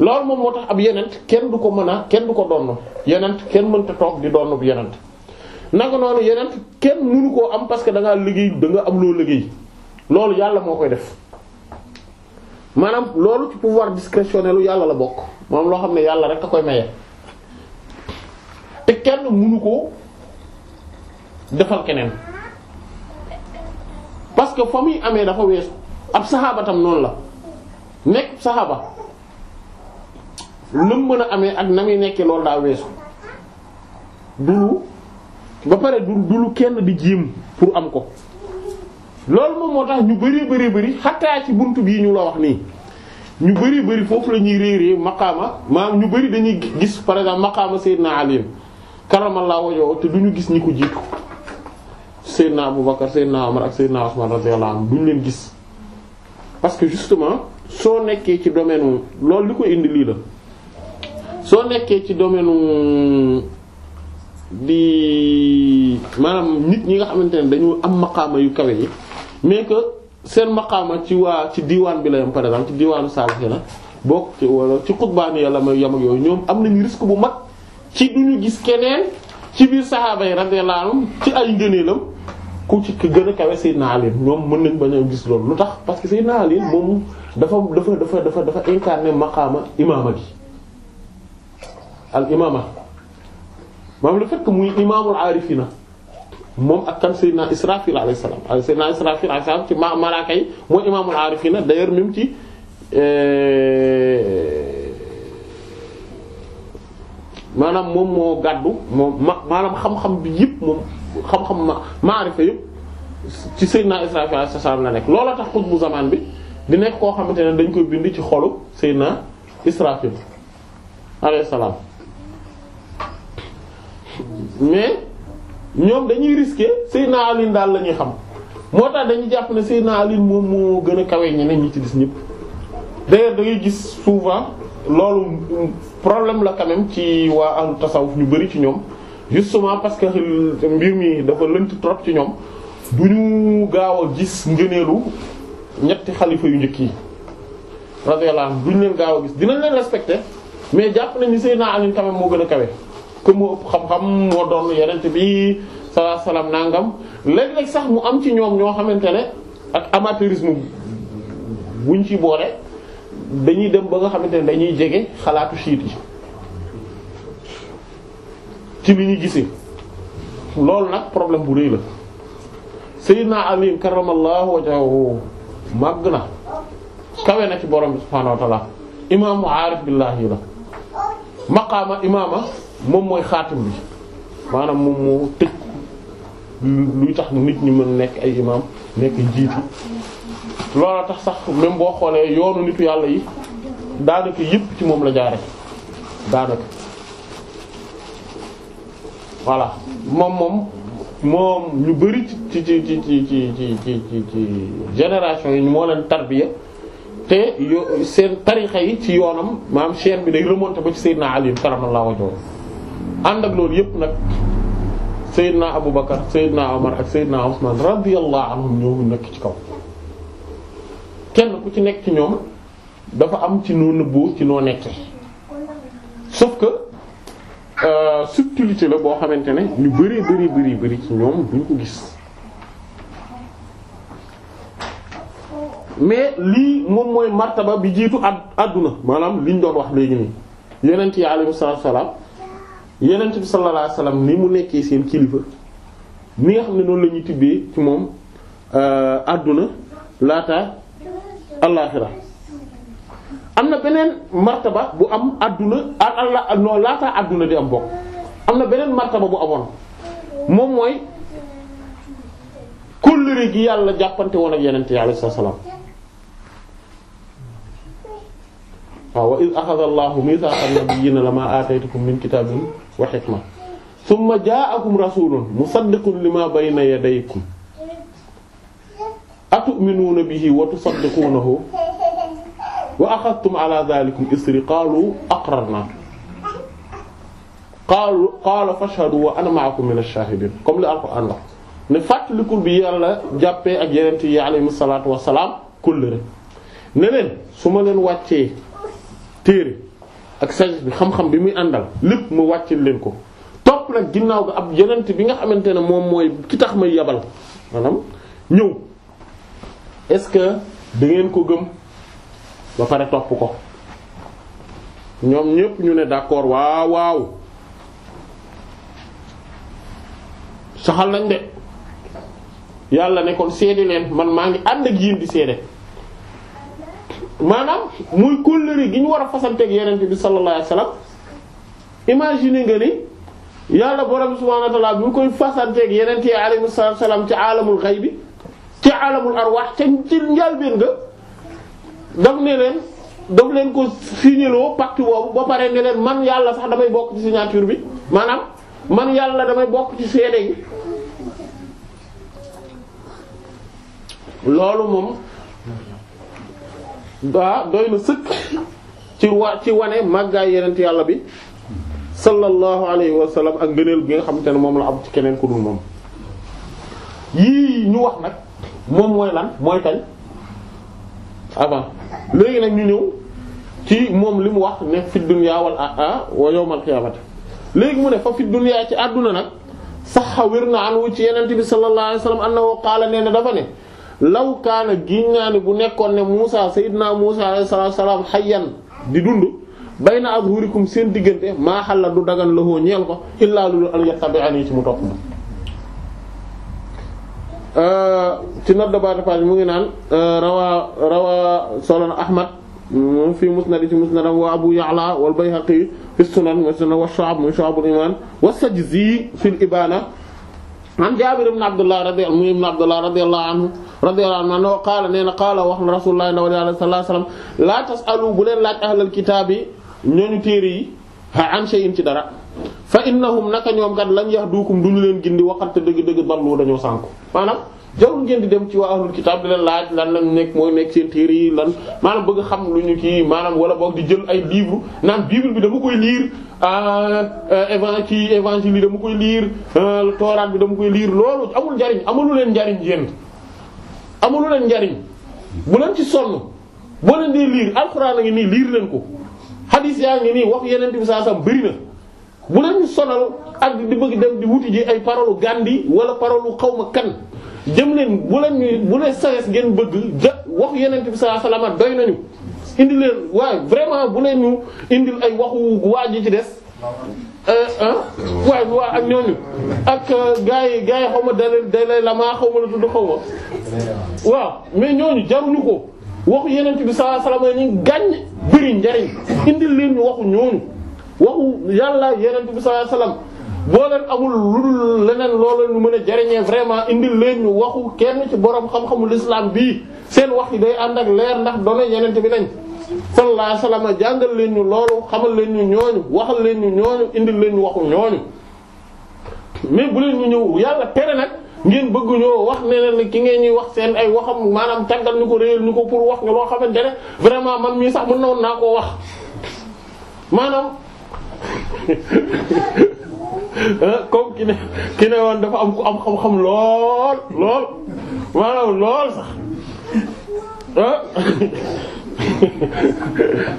loolu moom moo tax ab yenent kenn du ko mën a kenn du ko donn yenent kenn mënta toog di doon bu yenent naka noonu yenent kenn munu koo am parce que da liggéey da nga am loo liggéey loolu yàlla moo koy def maanaam loolu ci pouvoir discrétionnel lu yàlla la bokk moom loo xam ne yàlla rek a koy maye te kenn mënu koo defal keneen parce que fa muy amee dafa wees ab saxaabatam noonu la nekk saxaaba lëm mën a amee ak nag muy nekkee loolu daa weesu du lu ba pare du du lu kenn di jiim pour am ko loolu moom moo tax ñu bari bari bari xattaa ci bunt bii ñu la wax nii ñu bëri bari foofu la ñuy réeree maqaama maam ñu bëri dañuy gis par exemple maqaama Seydina Ali karamallahu wajhahu te du ñu gis ñi ko jiitu Seydina Aboubacar Seydina Omar ak Seydina Ousmane radiyallahu anhu duñ leen gis parce que justement soo nekkee ci domaine moom loolu li ko indi lii la soo nekkee ci domaine di maanaam nit ñi nga xamante ne dañu am maqaama yu kawe yi mais que seen maqaama ci waa ci diwaan bi la yam par exemple ci diwaanu Salihina bokk ci wala ci xutbaani yàlla may yam yooyu ñoom am nañu risque bu mag ci du gis keneen ci biir saxaaba yi radiyallahu anhum ci ay ngëneelam ku ci gën a kawe Seydina Ali ñoom mën nañ bañ a gis loolu lu tax parce que Seydina Ali moom dafa dafa dafa dafa dafa incarné maqaama imaama bi al imaama maam lu fekk que muy imaamul aarifina moom ak kan Seydina Israfil alayhi salaam ak Seydina Israfil alayhi salaam ci ma ci euh, maanaam moom moo gàddu moom maanaam xam bi yëpp moom xam ma maarifa ci Seydina Israfil alayhi salaam la nekk looloo tax xutbu bi di koo xamante ne dañ koy bind ci xolu Seydina Israfil alayhi salaam mais ñoom dañuy risquer Seydina Alioune daal la ñuy xam moo tax dañuy jàpp ne Seydina moom moo gën a kawe ñeneen ñi ci des ñëpp. d'ailleurs da ngay gis souvent loolu problème la quand ci waa ahlu tasawuf ñu bari ci ñoom justement parce que mbir mi dafa lënt trop ci ñoom du gaaw a gis ngëneelu ñetti xalifa yu njëkk yi radiyallahu duñ leen gaaw a gis dinañ leen respecter mais jàpp nañ ni Seydina Alioune moo gën a kawe. que moo ëpp xam-xam moo doon yonent bi sallallahu alayhi wasallam nangam léeg-léeg sax mu am ci ñoom ñoo xamante ne ak amateurisme buñ ci boore dañuy dem ba nga xamante ne dañuy jege xalaatu siit yi ci li ñu gisee loolu nag problème bu rëy la na Ali karamallahu wajhahu màgg na kawe na ci borom bi subhaanahu imaamu aarif billaahi la maqaama imaama moom mooy xaatim bi maanaam moom moo tëj luy tax nit ñi mën nekk ay imam nekk njiiti loolu tax sax même boo xoolee yoonu nitu yàlla yi daanaka yëpp ci moom la jaare daanaka voilà moom moom moom ñu bari ci ci ci ci ci ci ci ci génération yi moo leen tarbiya te yo seen tarixa yi ci yoonam maam chaîne bi day remonter ba ci Seydina Ali karamallahu wajhu ànd ak loolu yëpp nag Seydina Aboubacar Seydina Omar ak Seydina Ousmane radiyallahu anhum ñoo nekk ci kaw kenn ku ci nekk ci ñoom dafa am ci noo nëbboo ci noo nekkee sauf que euh, subtilité la boo xamante ne ñu bari bari bari bari ci ñoom duñ ko gis mais lii moom mooy martaba bi jiitu ad àdduna maanaam liñ doon wax léegi nii yeneen ci alayhi salaam yeneen bi sallallahu alayhi ni mu nekkee seen kilifa ni nga xam ne noonu la ñuy tibbee ci moom euh, àdduna laata allaaxira am na beneen martaba bu am àdduna allah di am na beneen martaba bu amoon moom mooy kóllëre gi yàlla jàppante woon ak yenent yi alayhi salaam waaw wa iz akhadha allahu wa hikma thumma ja'akum rasulun musaddiqun lima bayna yadaykum atu'minuna bihi wa tusaddiqunahu wa akhadhtum ala dhalikum isri qalu aqrarna qalu qala fashhadu wa ana ma'akum min ash-shahidin comme li alquran la ne fàttalikul bi yàlla jàppee ak yenent yi alayhi salatu wasalaam kullëre ne leen su ma leen wàccee téere ak sagesse bi xam-xam bi muy àndal lépp mu wàccil leen ko topp nag ginnaaw ga ab yonent bi nga xamante ne moom mooy ki tax may yabal maanaam ñëw est-ce que da ngeen ko gëm ba pare topp ko ñoom ñépp ñu ne d'accord waaw waaw saxal nañ de yàlla nekkoon kon seede leen man maa ngi ànd ak yéen di seede maanaam muy kóllëre gi ñu war a fasanteeg yonent bi sallallahu alayhi wasallam imagine nga ni yàlla borom subhaanahu wa ta'aala bu koy fasanteeg yonent yi alayhi salaam ci aalamul xay bi ci aalamul arwaax ca ci njëlbéen nga daf ne leen daf leen ko signéloo pacte boobu ba pare ne man yàlla sax damay bokk ci bi maanaam man yàlla damay bokk ci seede yi loolu moom ah doy na sëkk ci wa ci wane màggaay yenent yàlla bi sallallahu alayhi wa sallam ak ngëneel gi nga xamante ne moom la am ci keneen ku dul moom yii ñu wax nag moom mooy lan mooy kañ avant léegi nag ñu ñëw ci moom li mu wax ne fi dunya wal a wa yawmal qiyamati léegi mu ne fa fi dunya ci àdduna nag sax wér na anu ci yenent bi sallallahu alayhi wa sallam annahu qaala nee na dafa ne law kaana giñ bu nekkoon ne Muusa Seydina Muusa alayhi salaatu salaam xayyan di dund bayna azhurikum seen diggante maa xalla du dagan la hoo ñeel ko illaa lulu an yattabi'ani ci mu topp ma euh, ci nodda baatapage mu ngi naan euh, rawa rawa solon ahmad fi musnad ci musnadam wa abu ya'la wal bayhaqi fi sunan wa sunan wa shu'ab min shu'abul iman wa sajzi fil ibana an Jaabir ibn Abdullah radiyallahu anhu ibn Abdullah radiyallahu anhu radiyallahu anhu no qaala nee na qaala wax na Rasulullah sallallahu alayhi wasallam laa tas'alu bu leen laaj ahlal kitaab yi ñooñu téere yi an shay'in ci dara fa innahum naka ñoom kat lañ du duñu leen gindi waqat dëgg-dëgg dallu dañoo sànku maanaam jarul ngeen di dem ci waa ahlul kitaab laaj lan lañ nekk mooy nekk seen téere yi lan maanaam bëgg xam lu ñu kii maanaam wala boog di jël ay livre naan bi dama koy liir ah, euh, évan ci dama koy liir euh, tooraat bi dama koy liir loolu amul njariñ amalu leen njariñ yéen amalu njariñ bu leen ci sonn boo leen alxuraan a ngi nii liir leen ko xadiis yaa ngi nii wax yeneen bi saa bëri na bu leen sonal ak di bëgg dem di wuti ay parolu Gandhi wala parolu xawma kan jëm leen bu leen bu leen sages ngeen bëgg ja wax yeneen bi sallallahu alayhi wasallam doy nañu indi leen waaye vraiment bu leen ñu indil ay waxu waa ji ci des. Euh, waaye waaw ak ñooñu ak euh, gars yi gars yi la maa xaw la tudd xaw ma waaw mais ñooñu jaruñu ko waxu yeneen bi sallallahu alayhi wasallam ñu gàññ bëri njariñ indil leen ñu waxu ñooñu waxu yàlla yeneen bi sallallahu boo leen amul lu dul leneen loolu ñu mën a jariñee vraiment indil leen ñu waxu kenn ci borom xam-xamu l'islam bii seen wax yi day ànd ak leer ndax doona yeneen bi nañ sallallahu alayhi jàngal leen ñu loolu xamal leen ñu ñooñu waxal leen ñu ñooñu indil leen ñu waxu ñooñu mais bu leen ñu ñëw yàlla tere nag ngeen bëgguñoo wax ne ne ki ngeen ñuy wax seen ay waxam maanaam tàggal ñu ko réyal ñu ko pour wax ñu loo xamante ne vraiment man mii sax mën na naa koo wax comme ki ne ki ne woon dafa am ku am xam-xam lool lool maanaam lool sax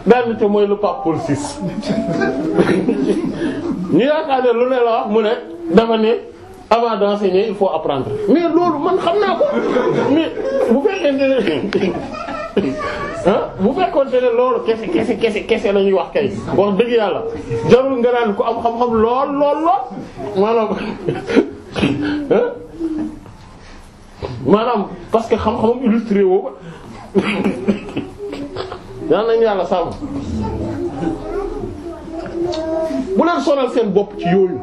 benn mooy lu papul sis ñu yaakaar lu ne la mu ne dafa ne avant d'enseigner il faut apprendre mais loolu man xam naa ko mais bu fekkente ne bu fekkoonte ne loolu kese kese kese kese la ñuy wax kay wax dëgg yàlla jarul nga naan ku am xam-xam lool lool lool maanaam maanaam parce que xam-xamam illustré woo ko yal yàlla sàmm bu leen sonal seen bopp ci yooyu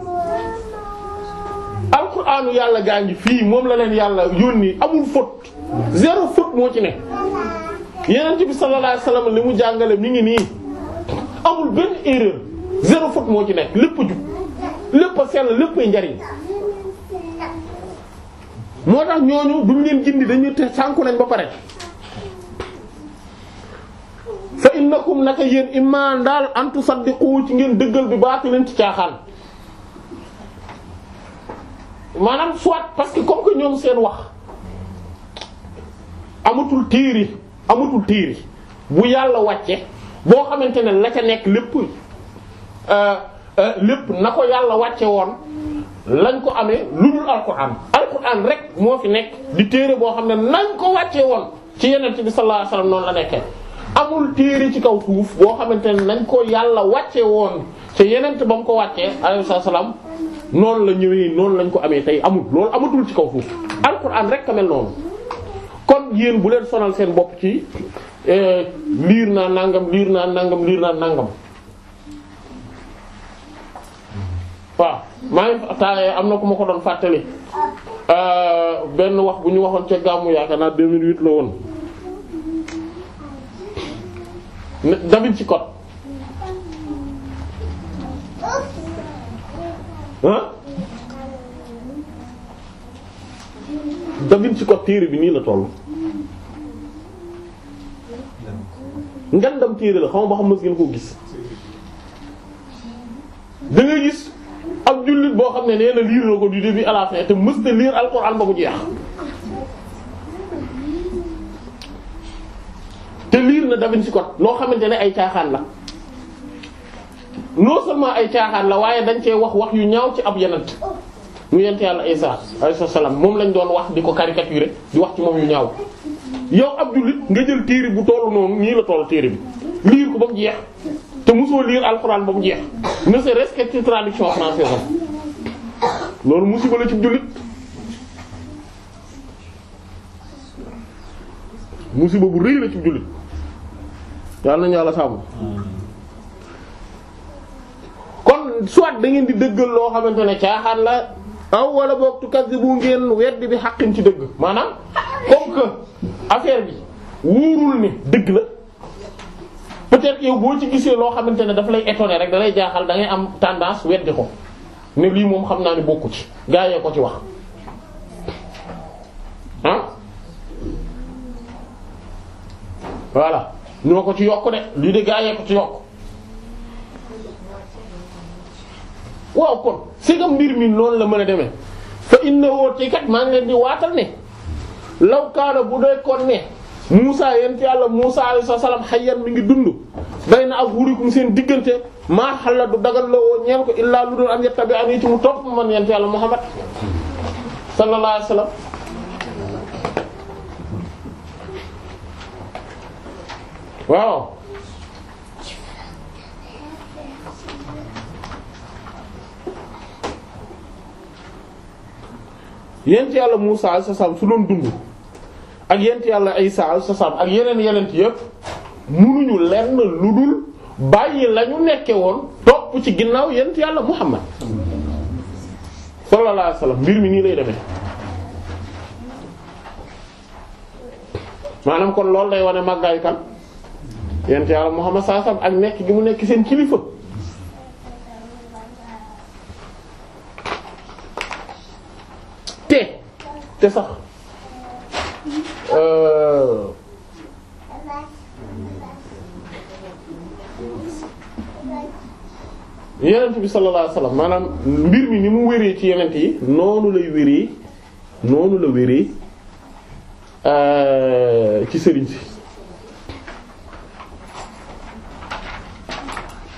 alquraanu yàlla gaa ngi fii moom la leen yàlla yónni amul faute zéro faute moo ci ne yeneen bi sallallahu alayhi wasallam li mu jàngale mi ngi nii amul benn erreur zéro faute moo ci nekk lépp a jub lépp a sell lépp ay njariñ moo tax ñooñu duñ leen gindi dañu te sànku nañ ba pare fa innakum naka yéen imaan daal an tusaddiqu ci ngeen dëggal bi baatu leen ci caaxaan maanaam soit parce que comme que ñoom seen wax amatul tiiri amatul téere bu yàlla wàccee boo xamante ne la ca nekk lépp euh, euh, lépp na ko yàlla wàcce woon lañ ko amee lu dul alquran alquran rek moo fi nekk di téere boo xam ne nañ ko wàccee woon ci yenent bi sallallahu alayhi wasallam noonu la nekkee amul téere ci kaw suuf boo xamante ne nañ ko yàlla wàcce woon te yenent ba mu ko wàccee alayhi salaam noonu la ñëwee noonu lañ ko amee tey amul loolu amatul ci kaw suuf alquran rek ka mel noonu kon yéen bu leen sonal seen bokk ci eh, liir naa nangam liir naa nangam liir naa nangam waaw maa ngi taale eh, am na ku ma ko doon fàttali euh, benn wax bu ñu waxoon ca gàmmu yaakaar naa 2008 la woon ci Chicot ah Da Vinci ko téere bi nii la toll. ngandam téere la xaw ma ba xam mës ngeen koo gis. da gis ab jullit boo xam ne nee na liir na ko du début à la fin te mës na liir alxuraan ba mu jeex. te liir na Da Vinci Code loo xamante ne ay caaxaan la non seulement ay caaxaan la waaye dañ cee wax wax yu ñaaw ci ab yenant mu yent yàlla Isa alayhi salaam moom lañ doon wax di ko caricaturer di wax ci moom yu yow ab jullit nga jël téere bu tollu noonu nii te mu jeex ne serait-ce que ci traduction française am loolu musiba la ci jullit musiba bu rëy la ci jullit yàlla nañu yàlla sàmm kon soit da di dëggal loo xamante ne caaxaan la aw wala boog tukazzibu ngeen weddi bi xaqin ci dëgg maanaam comme affaire bi wóorul ne dëgg la peut-être yow boo ci gisee loo xamante ne daf lay étonner rek da jaaxal da ngay am tendance weddi ko ne lii moom xam naa ne bokku ci gaa yee ko ci wax ah voilà ñoo ko ci yokk de lii de gaa ko ci yokk waaw kon sigam mbir mi noonu la mën a deme fa innahu te kat maa ngi leen di waatal ne law bu dee kon ne Moussa yent yàlla Moussa alayhi salaam hayyan mi ngi dund bay na ak wurikum seen diggante maa la du dagal la woo ñeel ko illaa lu doon am yattabi'ani ci mu topp man yent yàlla Muhammad sallallahu alayhi waaw yent yàlla Muusaa alayhi salaam su doon dund ak yent yàlla Isaa alayhi salaam ak yeneen yeneen yépp munuñu lenn lu dul bàyyi la ñu nekke woon topp ci ginnaaw yent yàlla Muhammad sallallahu alayhi wasallam mbir mi nii lay demee maanaam kon loolu lay wane màggaayu kan yent yàlla Muhammad sallallahu alayhi ak nekk gi mu nekk seen ci kilifa te sax euh. yenent bi sallallahu alayhi maanaam mbir mi ni mu wéree ci yenent yi noonu lay wéree noonu la wéree euh, ci sëriñ si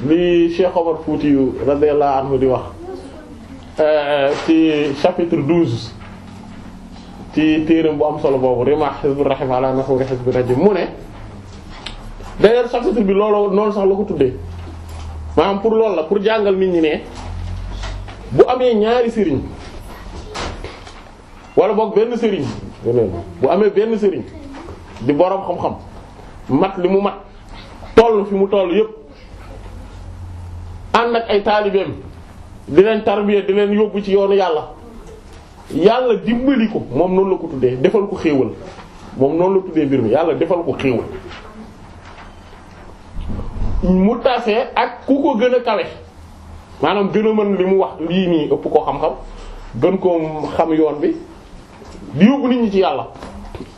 li Cheikh Omar Foutiyou radiyallahu anhu di wax euh, ci chapitre douze ci téeram bu am solo boobu Rimah Hizbir Rahim ala nahwi Hizbir Rahim mu ne d'ailleurs chapitre bi looloo noonu sax la ko tuddee maanaam pour loolu la pour jàngal nit ñi ne bu amee ñaari sëriñ wala boog benn sëriñ bu amee benn sëriñ di boroom xam-xam mat li mu mat toll fi mu toll yépp ànd ak ay taalibeem di leen tarbiya di leen yóbbu ci yoonu yàlla yàlla dimbali ko moom noonu la ko tuddee defal ko xéewal moom noonu la tuddee mbir mi yàlla defal ko xéewal mu tase ak ku ko gën a kawe maanaam gën a mën li mu wax lii nii ëpp ko xam-xam gën ko xam yoon bi di yóbbu nit ñi ci yàlla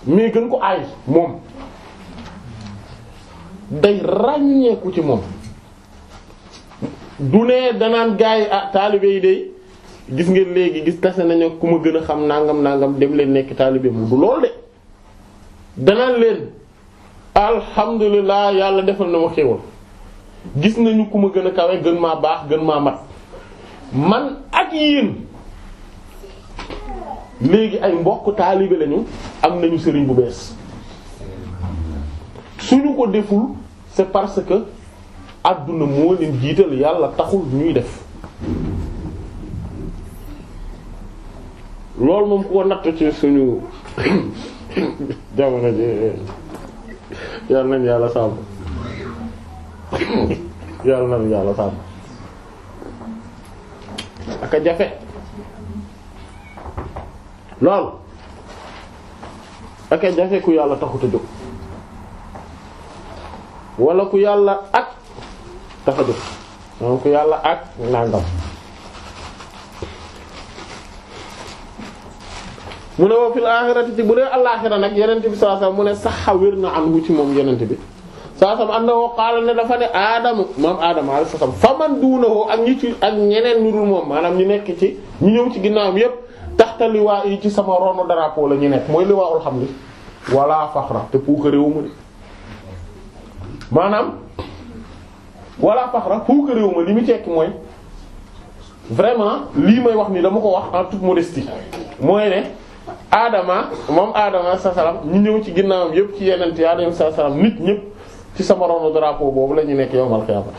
mais gën ko aay moom day ràññeeku ci moom du ne danaan gaay ah taalibe day gis ngeen léegi gis tase nañu ku ma gën a xam nangam nangam dem leen nekk taalibeem du lool de danaan leen alhamdulilah yàlla defal na ma xéewal gis nañu ku ma gën a kawe gën ma baax gën maa mat man ak yéen léegi ay mbokk taalibe lañu am nañu sëriñ bu bees suñu ko deful c'est parce que àdduna moo leen jiital yàlla taxul ñuy def loolu moom ku ko natt ci suñu jamono ji yàlla nañ yàlla sàmm yàlla nañ yàlla sàmm aka jafe loolu aka jafe ku yàlla taxut a jóg wala ku yàlla ak tax a jóg donc ku yàlla ak nangam mu ne wa fil axirati ci bu dee àllaaxira nag yenente bi sallallahu alayhi wasallam mu ne saxa wér na an wu ci moom yenente bi sallallahu alayhi wasallam annahu qaala ne dafa ne aadamu maam aadama alayhi salaam fa man duunahu ak ñi ci ak ñeneen ñu dul moom maanaam ñu nekk ci ñu ñëw ci ginnaawam yépp taxta liwaa yi ci sama ronu drapeau la ñu nekk mooy liwaawul xam li wala faxra te puukaréewuma de maanaam wala faxra puukaréewuma li mu tekki mooy vraiment lii may wax ni dama ko wax en toute modestie mooy ne aadama moom aadama sa salaam ñu ñëw ci ginnaawam yëpp ci yeneen yi aadama sa salaam nit ñëpp ci sama ronu drapeau boobu la ñu nekk yowmal xiyaama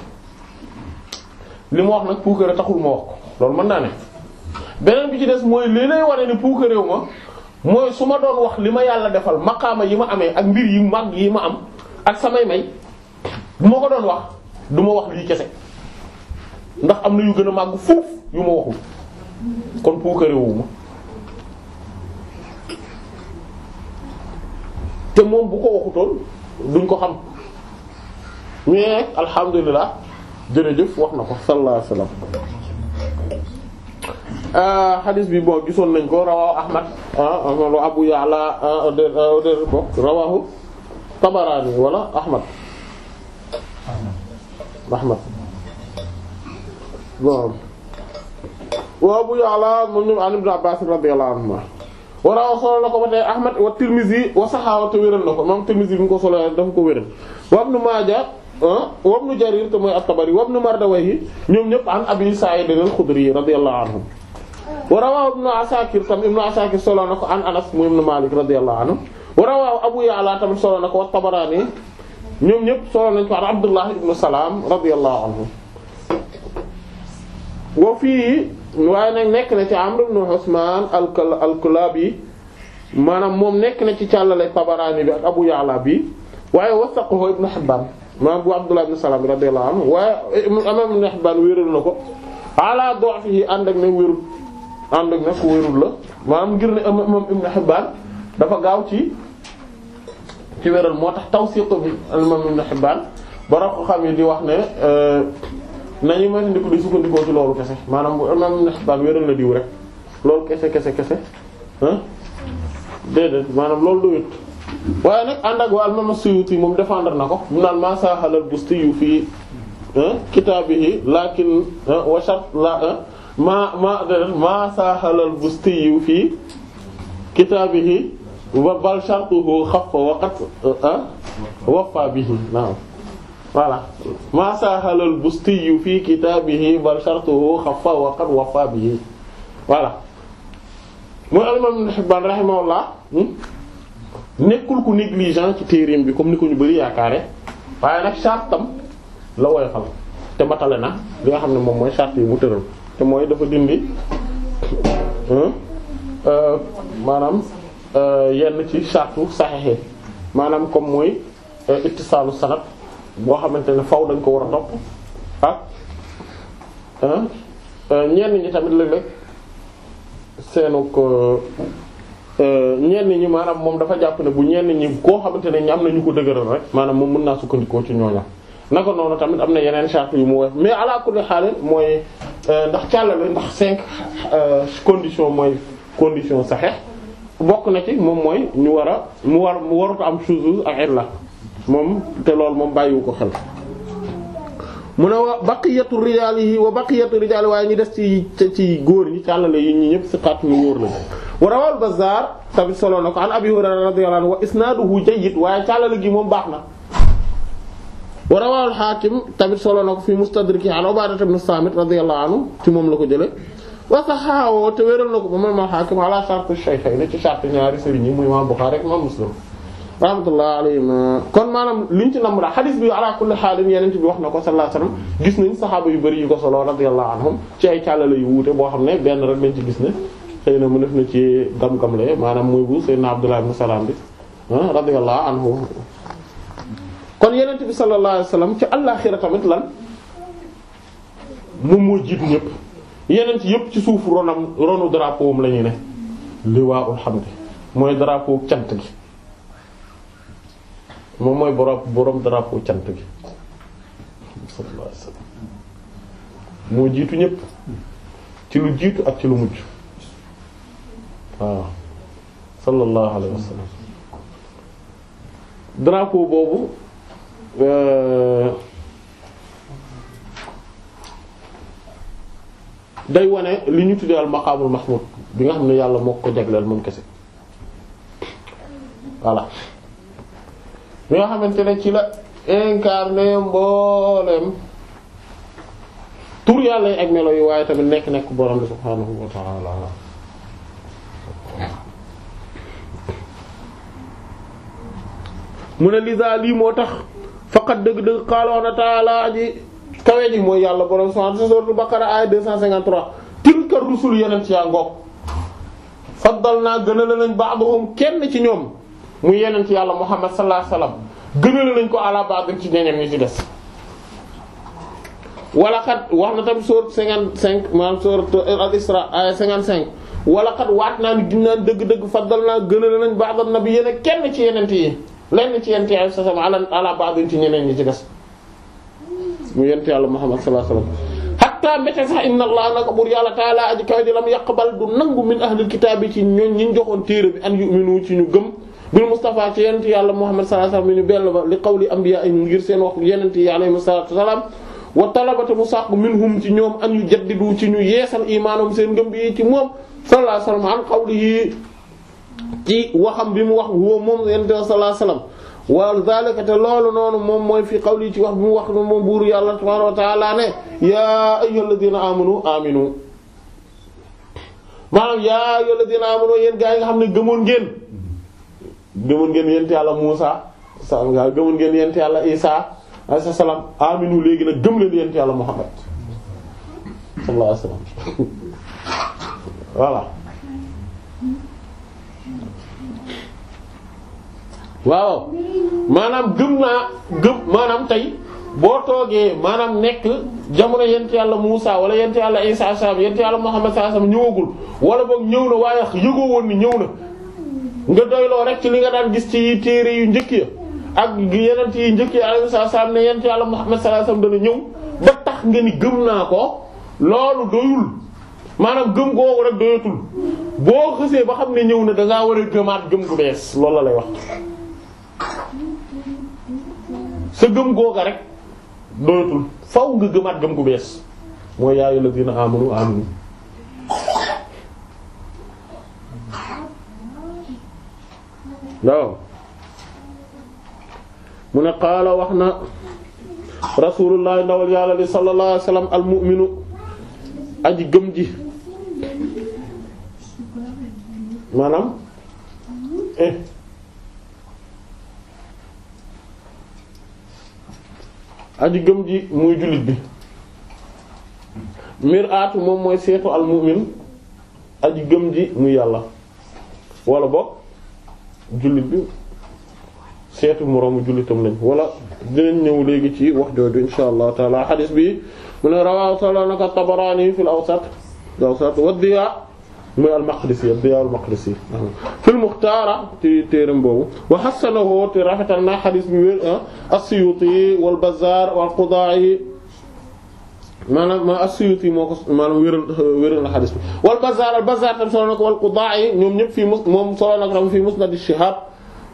li ma wax nag puukare taxul ma wax ko loolu mën naa ne beneen bi ci des mooy li lay wane ni puukareew ma mooy su ma doon wax li ma yàlla defal maqaama yi ma amee ak mbir yi màgg yi ma am ak samay may bu ma ko doon wax du ma wax lii kese ndax am na yu gën a màgg fuuf yu ma waxul kon puukareewu te moom bu ko waxutoon duñ ko xam mais alhamdulilah jërëjëf wax na ko sallallahu alayhi wasallam xadis euh, bi boo gisoon nañ ko rawahu ahmad lu euh, tabarani wala ahmad ahmad waaw wa abu ya'la moom ñoom an ibn abbas radiyallahu anhuma waraaw solo na ko ba tey Ahmad wa Tirmizi wa saxaawa te wéral na ko moom Tirmizi bi mu ko solo dafa ko wéral wa Ibnu Maaja ah, wa Ibnu Jarir te ñëpp an Abi Sa'id al-Khudri radiyallahu anhu wa rawaahu Ibnu Asakir tam Ibnu Asakir solo na ko an Anas mu Ibnu Malik radiyallahu anhu wa rawaahu Abu Ya'la tamit solo na ko wa Tabarani ñoom ñëpp solo nañ ko an Abdullah ibnu Salam radiyallahu anhu wa fii waaye nag nekk na ci Amr ibn Usman al-Kullabi maanaam moom nekk na ci càllale Tabarani bi Abu Ya'la bi waaye wasaqahu Ibn Hibban maanaam bu Abdullah ibn Salam radiyallahu anhu waaye imam Ibn Hibban wéeral wérul ànd ak ne ngir ne imam Ibn dafa gaaw ci ci wéral moo tax tawsiq bi imam Ibn bara ko xam yi di wax ne euh, nañu mën di ko di sukkandikoo ci loolu kese maanaam bu imam Ibn wéral na diw rek loolu kese kese kese ah déedéet maanaam loolu doyut waaye nag ànd ak waa imam Suyuti moom défendre na ko mu naan maa saaxal al-Bustiyu fii kitaabihi laakin wa shart la maa maa déedéet maa saaxal al-Bustiyu fii kitaabihi wa bal shartuhu xaffa wa qad waffaa bihi naam voilà maa saaxalal Bustiyu fii kitaabihi bal shartuhu xafa wa qad wafa bihi voilà mooy al-imam Ibn Hibbaan rahimahullah hmm? nekkul ku négligent ci téereem bi comme ni ko ñu bari yaakaare waaye nag shartam la woyofal te matale na li nga xam ne moom mooy shart yi mu tëral te mooy dafa dindi hmm? euh, maanaam euh, yenn ci shartu saxiix maanaam comme mooy euh, ittisaalu sanad boo xamante ne faw dañ ko war a topp ak ah, ah, ah, ñenn ñi tamit léeg-léeg seenu ko ñenn ñi maanaam moom dafa jàpp ne bu ñenn ñi koo xamante ne ñi am na ñu ko dëgëral rek maanaam moom mën naa sukkandikoo ci ñooña naka noonu tamit am na yeneen charte yu mu wax mais ala kulli xaal mooy ndax càllale ndax cinq condition mooy condition saxe bokk na ci moom mooy ñu war a mu war mu warut am chose ak la moom te loolu moom bàyyiwu ko xel mu ne wa baqiyatu rijaalihi wa baqiyatu rijaali waaye ñu def ci ci góor ñi càllale yi ñi ñëpp siqaat ñu wóor la wa rawal Bazzaar tamit solo na ko an Abi Hurayra radiyallahu anhu wa isnaaduhu jayyid waaye càllale gi moom baax na wa rawal Haakim tamit solo na ko fi Mustadriki a Ubaadata ibn Saamit radiyallahu anhu ci moom la ko jële wa saxaawoo te wéral na ko ba man ma Haakim ala shart Shaykhayni ci shart ñaari sëriñ yi rahmatullah alayhim kon maanaam liñ ci nam la xadis bi ala kulli xaalin bi wax na ko sallallahu alayhi wasallam gis nañ saxaaba yu bari yu ko solo radiyallahu anhum ci ay càllala yu wuute boo xam ne benn rek lañ ci gis ne xëy na mu def na ci gam-gam le maanaam mooy bu sayyidina Abdullah ibn Salam bi ah, radiyallahu anhu kon yenent bi sallallahu alayhi wasallam ci àllaxira tamit lan moom moo jiitu ñëpp yenent yëpp ci suuf ronam ronu drapeau am la ñuy ne liwaa'ul cant gi moom mooy borom borom drapeau cant gi sallallahu moo jiitu ñépp ci lu jiitu ak ci lu mujj waaw sallallahu alayhi wasallam drapeau boobu euh, day wone li ñu tuddee al maqaamul mahmud bi nga xam ne yàlla moo ko jagleel moom kese voilà bi nga xamante ne ci la incarné mboolem tur yàlla yi ak melo yi waaye tamit nekk nekk borom bi subhaanahu wa ta'ala mu ne lisa lii moo tax faqat dëgg-dëgg xaaloona taala ji kawe ji mooy yàlla borom subhaanahu sa sourate Baqara ay 253 tilka rusul yeneen ci yaa ngoog faddal naa gën a la nañ ba'dhum kenn ci ñoom mu yeneen ci yàlla Muhammad sallallahu alayhi wasallam gënal nañ ko ala ba'd ci ñeneen ñi ci des. wala xat wax na tamit sourate 55 maanaam sourate al-Isra ay 55 wala xat waat naa ni ginnaaw dëgg-dëgg faddal naa gënal nañ ba'd nabi yeneen kenn ci yeneen yi lenn ci yeneen yi sa sama ala ala ci ñeneen ñi ci des. mu yeneen ci yàlla Muhammad sallallahu alayhi wasallam. hatta mbete sax inna allah naka bur yàlla taalaa aji kaw di lam yaqbal du nangu min ahlil kitaab bil Mustafa ci yenent yàlla Muhammad sallallahu alayhi wasallam benn ba li qawli anbiya ngir seen wax yenent yi alayhi salaatu wasalaam wa talabata mu sàq minhum ci ñoom an yu jaddidu ci ñu yeesal imaanam seen ngëm bi ci moom sallallahu alayhi wasallam an qawlihi ci waxam bi mu wax woo moom yenent sallallahu alayhi wasallam wa zalika moom mooy fi qawli ci wax bi mu wax yàlla subhaanahu wa ta'ala ne yaa ayyuhalladhina amanu aminu maanaam yaa ayyuhalladhina amanu yéen gaa yi nga xam ne gëmoon ngeen gëmoon ngeen yent yàlla Muusa sa nga gëmoon ngeen yent yàlla Isa alayhi salaam aminu léegi nag gëm leen yent yàlla Muhammad sallallahu alayhi wasallam waaw maanaam gëm naa gëm maanaam tey boo toogee maanaam nekk jamono yent yàlla Muusa wala yent yàlla Isa saam yent yàlla Muhammad sallallahu alayhi wasallam ñëwagul wala boog ñëw na waaye yëgoo woon ni ñëw na nga doyloo rek ci li nga daan gis ci téere yu njëkk ya ak yenent yi njëkk ya alayhi salaam ne yenent yàlla Muhammad sallallahu sa wasallam dana ñëw ba tax nga ni gëm naa ko loolu doyul maanaam gëm googu rek doyatul boo xësee ba xam ne ñëw na danga war a gëmaat gëm gu bees loolu lay wax sa gëm googa rek doyatul faw nga gëmaat gëm gu bees mooy yaayu la dina amanu amanu waaw mu ne qaala wax na rasulullah ndawal yàlla li sallallahu alayhi al mu'minu aji gëm ji maanaam eh aji gëm ji muy jullit bi mir'atu moom mooy seetu al mu'min aji gëm ji mu yàlla wala bokk jullit bi seetu moroomu jullitam lañ wala dinañ ñëw léegi ci wax jooju insha allah taala xadis bi mu ne rawaw solo naka tabaraani fil awsat awsat wa diya muy maqdisi ad maqdisi fil Mukhtaara ci téeram boobu wa hasanahu te rafetal na xadis bi ah, maanaam ma as-Suyuti moo ko maanaam wéral wéral na xadis bi wal Bazzaar al Bazzaar tam solo na ko wal Qudaa'i ñoom ñëpp fii mus moom solo na ko tam fii Musnad Shihaab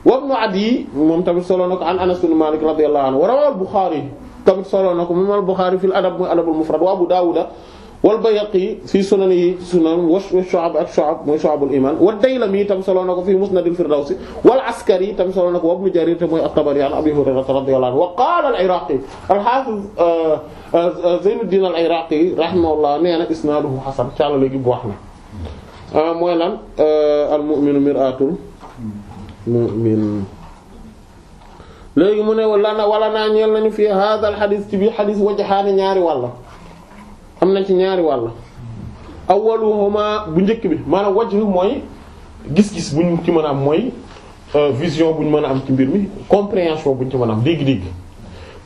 wa Ibn Adiy moom tamit solo na ko an Anas ibn Maalik radiyallahu anhu wa rawa al Buxaari tamit solo na ko moom al Buxaari fil adab mooy adabul mufrad wa Abu Daawuda wal Bayhaqi fii sunan yi sunan wa Shu'ab ak Shu'ab mooy Shu'abul Iimaan wa Daylami tam solo na ko fii Musnadil Firdawsi wal Askari tam solo na ko wa Ibn Jariir te mooy at-Tabari an Abi Hurayrata radiyallahu anhu wa qaala al-Iraaqi al-Haafiz euh, Euh, euh, Zaynuddin al-Iraqi rahimahullah nee na isnaaduhu hasan caalale gi bu wax na euh, mooy lan al-mu'minu mu'min léegi mu ne lana wala naa ñeel nañu fi hada al xadis ci biir xadis wajhaani ñaari wàlla am na ci ñaari wàlla awwaluhuma bu njëkk bi maanaam wajhu mooy gis-gis buñ ci mën a am mooy vision buñ mën a am ci mbir mi compréhension buñ ci mën a am dégg-dégg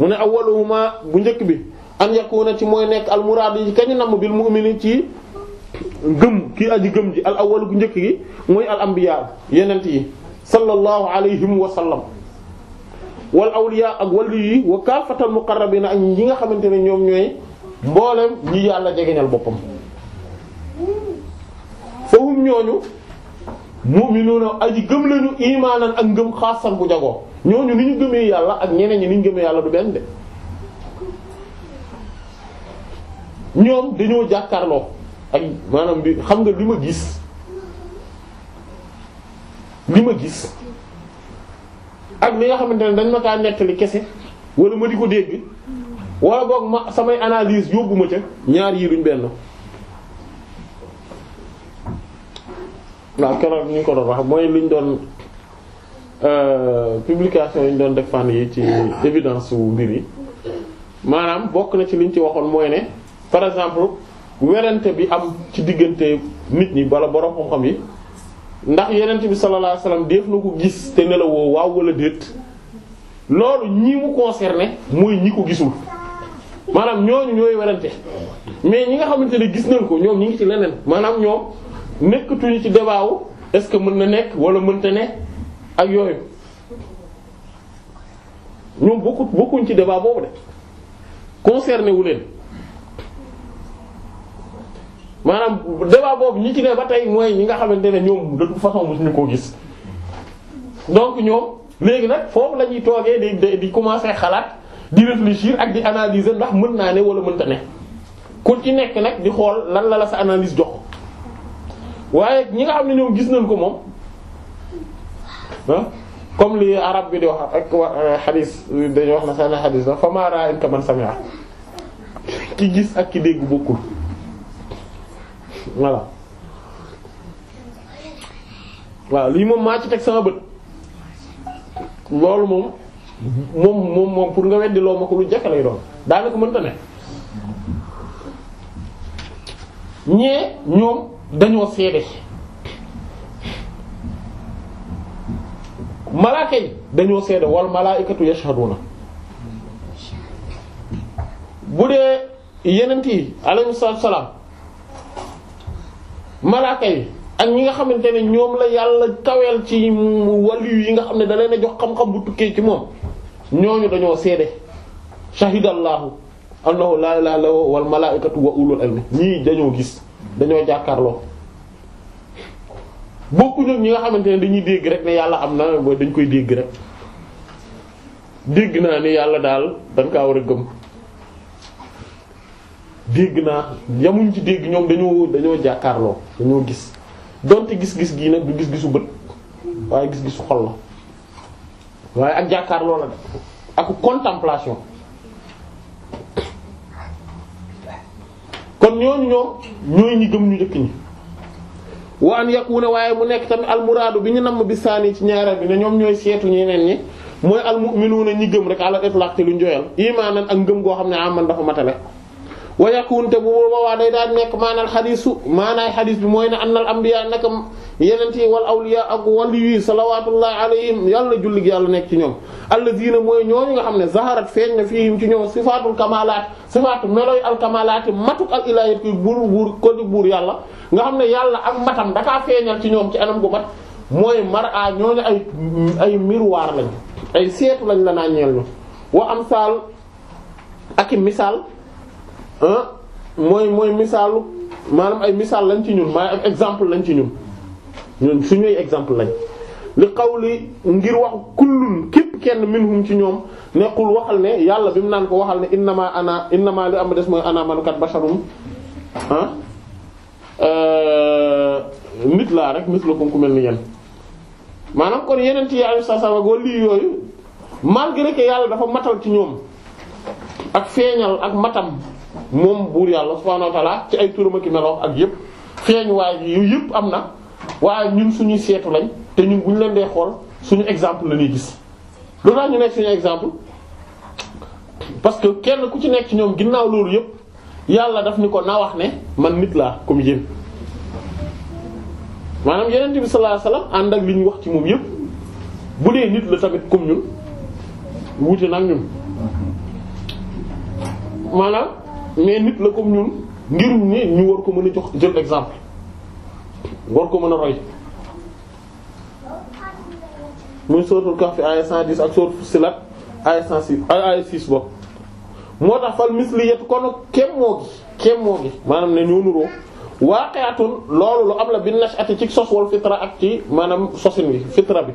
mu ne awwaluhuma bu njëkk bi an yakuna ci mooy nekk al muraad yi kañu namm bil mu'mini ci gëm kii aji gëm ji al awwal gu njëkk gi mooy al anbiya yenent yi sallallahu alayhim wa sallam wal awliya ak wàllu yi wa kaafatal ak ñi nga xamante ne ñoom ñooy mboolem ñi yàlla jegeñal boppam fahum ñooñu mu'minuna aji gëm lañu imaanan ak ngëm xaasan bu jagoo ñooñu ni ñu gëmee yàlla ak ñeneen ñi ni ñu gëmee yàlla du benn de ñoom dañoo jàkkaarloo ak maanaam bi xam nga li ma gis li ma gis ak li nga xamante ne dañ ma kaa nettali kese wala ma di ko dégg wala boog ma samay analyse yóbbu ca ñaar yi duñ benn. waaw keroog ñu ko doon wax mooy liñ doon euh, publication yi ñu doon def fan yi ci évidence wu mbir yi maanaam bokk na ci liñ ci waxoon mooy ne. par exemple werante bi am ci diggante nit ñi wala borom xam yi ndax yenent bi sallallahu alayhi wasallam def na ko gis te ne waaw wala déet loolu ñi mu concerné mooy ñi ko gisul maanaam ñooñu ñooy werante mais ñi nga xamante ne gis nañ ko ñoom ñi ngi ci leneen maanaam ñoom nekkatuñu ci débat wu ce que mën na nekk wala mënta ne ak yooyu ñoom bokku ci débat boobu de concerné wu leen maanaam débat boobu ñi ci ne ba tey mooy ñi nga xamante ne ñoom de toute façon mosuñu koo gis donc ñoom léegi nag foofu lañuy ñuy toogee di di commencer xalaat di réfléchir ak di analyser ndax mën naa ne walla mënta ne ku ci nekk nag di xool lan la la sa analyse jox waaye ñi nga xam ne ñoom gis nañ ko moom ah comme li arab bi di wax ak wa xadis euh, dañuy wax na seen xadis fa maa ra'in ka man sami'a ki gis ak ki dégg bokkul. voilà waaw lii moom maa ci teg sama bët loolu moom moom moom moom pour nga weddi loo ma ko lu jafe lay doon daanaka mënta ne ñee ñoom dañoo seede malaaka yi dañoo seede wal malaa'ikatu yashhaduna bu dee yenent yi alayhimu salaam malaaka yi ak ñi nga xamante ne ñoom la yàlla kaweel ci waliyu yi nga xam ne da leen a jox xam-xam bu tukkee ci moom ñooñu dañoo seede shahidallahu annahu la ilaha illa huwa wal malaikatu wa ulul ilmi ñi dañoo gis dañoo jàkkaarloo bokkuñu ñi nga xamante ne dañuy dégg rek ne yàlla am na booy dañ koy dégg rek dégg naa ni yàlla daal dañ kaa war a gëm dégg naa yamuñ ci dégg ñoom dañoo dañoo jàkkaarloo dañoo gis donte gis-gis gii nag du gis-gisu bët waaye gis-gisu xol la waaye ak jàkkaarloo la de ak contemplation kon ñooñu ñoom ñooy ñi gëm ñu njëkk ñi waan yakuna waaye mu nekk tamit almuraadu bi ñu namm bi saani ci ñaareel bi ne ñoom ñooy seetu ñeneen ñi mooy almu'minuuna ñi gëm rek ala itlaq te lu njoyal imaanan ak ngëm goo xam ne aman dafa matale wa yakun te bu boobaa day daal nekk maanaal xadiisu maanaay xadiis bi mooy ne annal anbiya naka yenent yi wal awliya ak wali yi salawatullahi alayhim yàlla jullig yàlla nekk ci ñoom allazina mooy ñooñu nga xam ne zaharat feeñ na fiihim ci ñoom sifaatul kamalaat sifaatu meloy al kamalaati matuk al ilaahiyat kuy ko di yàlla nga xam ne yàlla ak matam dakaa feeñal ci ñoom ci anam gu mat mooy mar a ñooñu ay ay miroir lañ ay seetu lañ la naa ñeel ñu wa amsal ak misaal mooy mooy misaalu maanaam ay misaal lañ ci ñun maanaam exemple lañ ci ñun ñun suñuy exemple lañ li qawli ngir wax kullun képp kenn minhum ci ñoom nekkul waxal ne yàlla bi mu naan ko waxal ne innama ana innama li am des mooy ana mankat basharum ah nit laa rek mislukum ku mel ni yéen maanaam kon yeneen ci yaayu sa sa wala lii yooyu malgré que yàlla dafa matal ci ñoom ak feeñal ak matam. moom buur yàlla subhaanahu wa ci ay turam ak meloom ak yëpp feeñ waaye yu yépp am na waaye ñun suñuy seetu lañ te ñun bu ñu leen dee xool suñu exemple la ñuy gis. lu exemple parce que kenn ku ci nekk ci ñoom ginnaaw loolu yëpp yàlla daf ni ko na wax ne man nit laa comme yéen maanaam yeneen bi sallallahu alayhi ànd ak li ñu wax ci moom yëpp bu dee nit la tamit comme ñun wuute nag ñun maanaam. mais nit la comme ñun ngir ne ñu war ko mën a jox jël exemple war ko mën a roy muy sootul Kahf aaya 110 ak sootul Fussilat aaya 106 aaya 6 bopp moo tax fal misliyat kon kem moo gi kem moo gi maanaam ne ñoo nuroo waaqi'atun loolu lu am la bi nash'ati ci sos wal fitra ak ci maanaam sosin wi fitra bi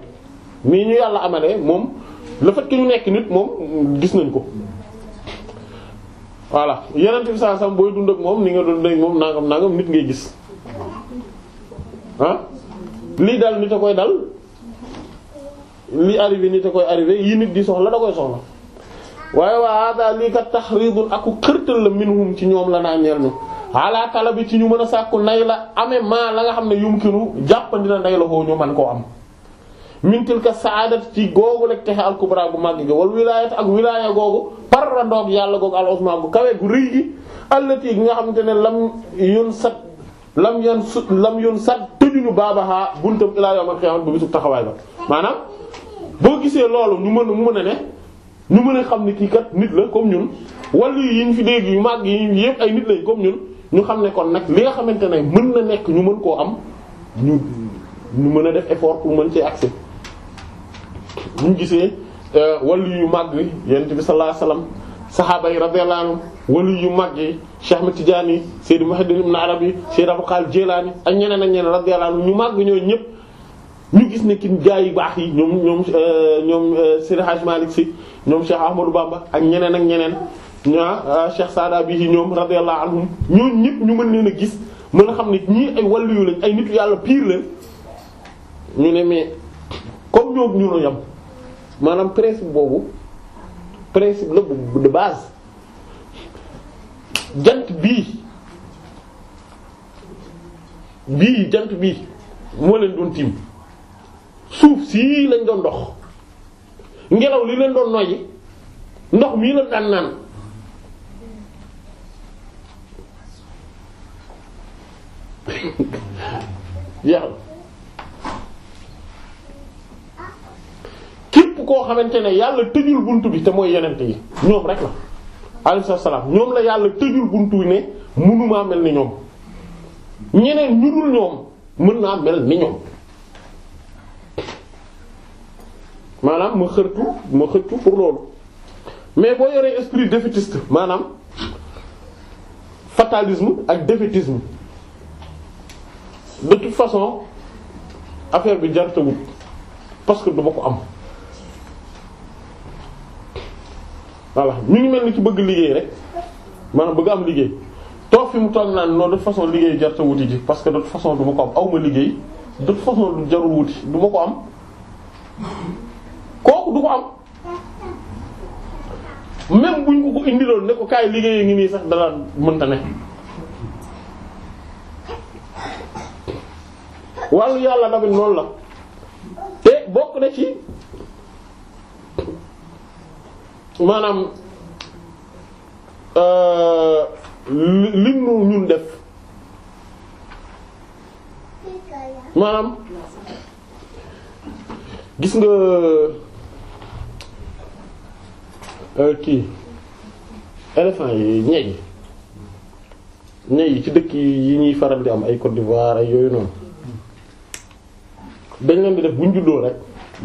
mii ñu yàlla amalee moom le fait ñu nekk nit moom gis nañ ko voilà yenente bi saa sam booy dund ak moom ni nga dund ak moom nangam nangam nit ngay gis ah lii dal nit a koy dal lii arrivé nit a koy arrivé yi nit di soxla da koy soxla waaye waa ada lii kat tahridul aku xërtal la minhum ci ñoom la naa ñeel ñu ala bi ci ñu mën a sàkku nay la amee maa la nga xam ne yumkinu jàppandina nay la xoo ñu man koo am min tilka saadat ci googu rek texe al kubra gu màgg gi wal wilaayat ak wilaaya googu par randoog yàlla googu al usman gu kawe gu rëy gi allati gi nga xam ne lam yun sat lam yun sut lam yun sat tëjuñu baabaxaa buntam ilaa yawmal qiyaamah ba bisu taxawaay ba maanaam boo gisee loolu ñu mën mu mën a ne ñu mën a xam ne kii kat nit la comme ñun wàllu yi ñu fi dégg yu màgg yi yëpp ay nit lañ comme ñun ñu xam ne kon nag li nga xamante ne mën na nekk ñu mën koo am ñu mën a def effort pour mën cee accès bu ñu gisee euh, wàllu yu màgg yonent bi sallallahu alayhi wasallam saxaaba yi radiyallahu anhum yu màgg yi Cheikh Ahmed Tidiane Seydi Muhammad ibn Arabi Seydi Abou Khalid Jilani ak ñeneen ak ñeneen radiyallahu ñu màgg ñooñu ñëpp ñu gis ne ki gaa yu baax yi ñoom ñoom euh, ñoom euh, Seydi Hadj Malick Sy ñoom Cheikh Ahmadou ak ñeneen ak ñeneen ñaa Cheikh Sada bi yi ñoom radiyallahu anhum ñooñu ñu mën leen a gis mën a xam ne ñii ay wàllu yu lañ ay nitu yàlla pire la ñu ne mais comme ñoom ñu la yam maanaam principe boobu principe la bu de base jant bii bii jant bii moo leen doon tiim suuf sii lañ doon dox ngelaw li leen doon noyyi ndox mii la daan naan yàlla képp koo xamante ne yàlla tëjul buntu bi te mooy yenente yi ñoom rek la alayhi salaam ñoom la yàlla tëjul buntu yi ne mënumaa mel ni ñoom ñeneen ñu dul ñoom mën naa mel ni ñoom maanaam ma xërtu ma xëccu pour loolu mais boo yoree esprit défaitiste maanaam fatalisme ak défaitisme de toute façon affaire bi jartawut parce que du ma ko am voilà ñu ngi mel ni ci bëgg liggéey rek maanaam bëgg am liggéey toog fi mu toog naan non de façon liggéey jarta wuti ji parce que de toute façon du ma ko am aw ma liggéey de toute façon jarul wuti du ma ko am kooku du ko am même buñ ko ko indiloon ne ko kaay liggéey ngi nii sax dara mënta ne wàllu yàlla damit noonu la te bokk na ci maanaam euh, li nu ñun def maanaam gis nga euh, kii éléphant yi ñay ñay ci dëkk yi ñuy faral di am ay Côte d'Ivoire ay yooyu noonu dañ leen def bu ñu juddoo rek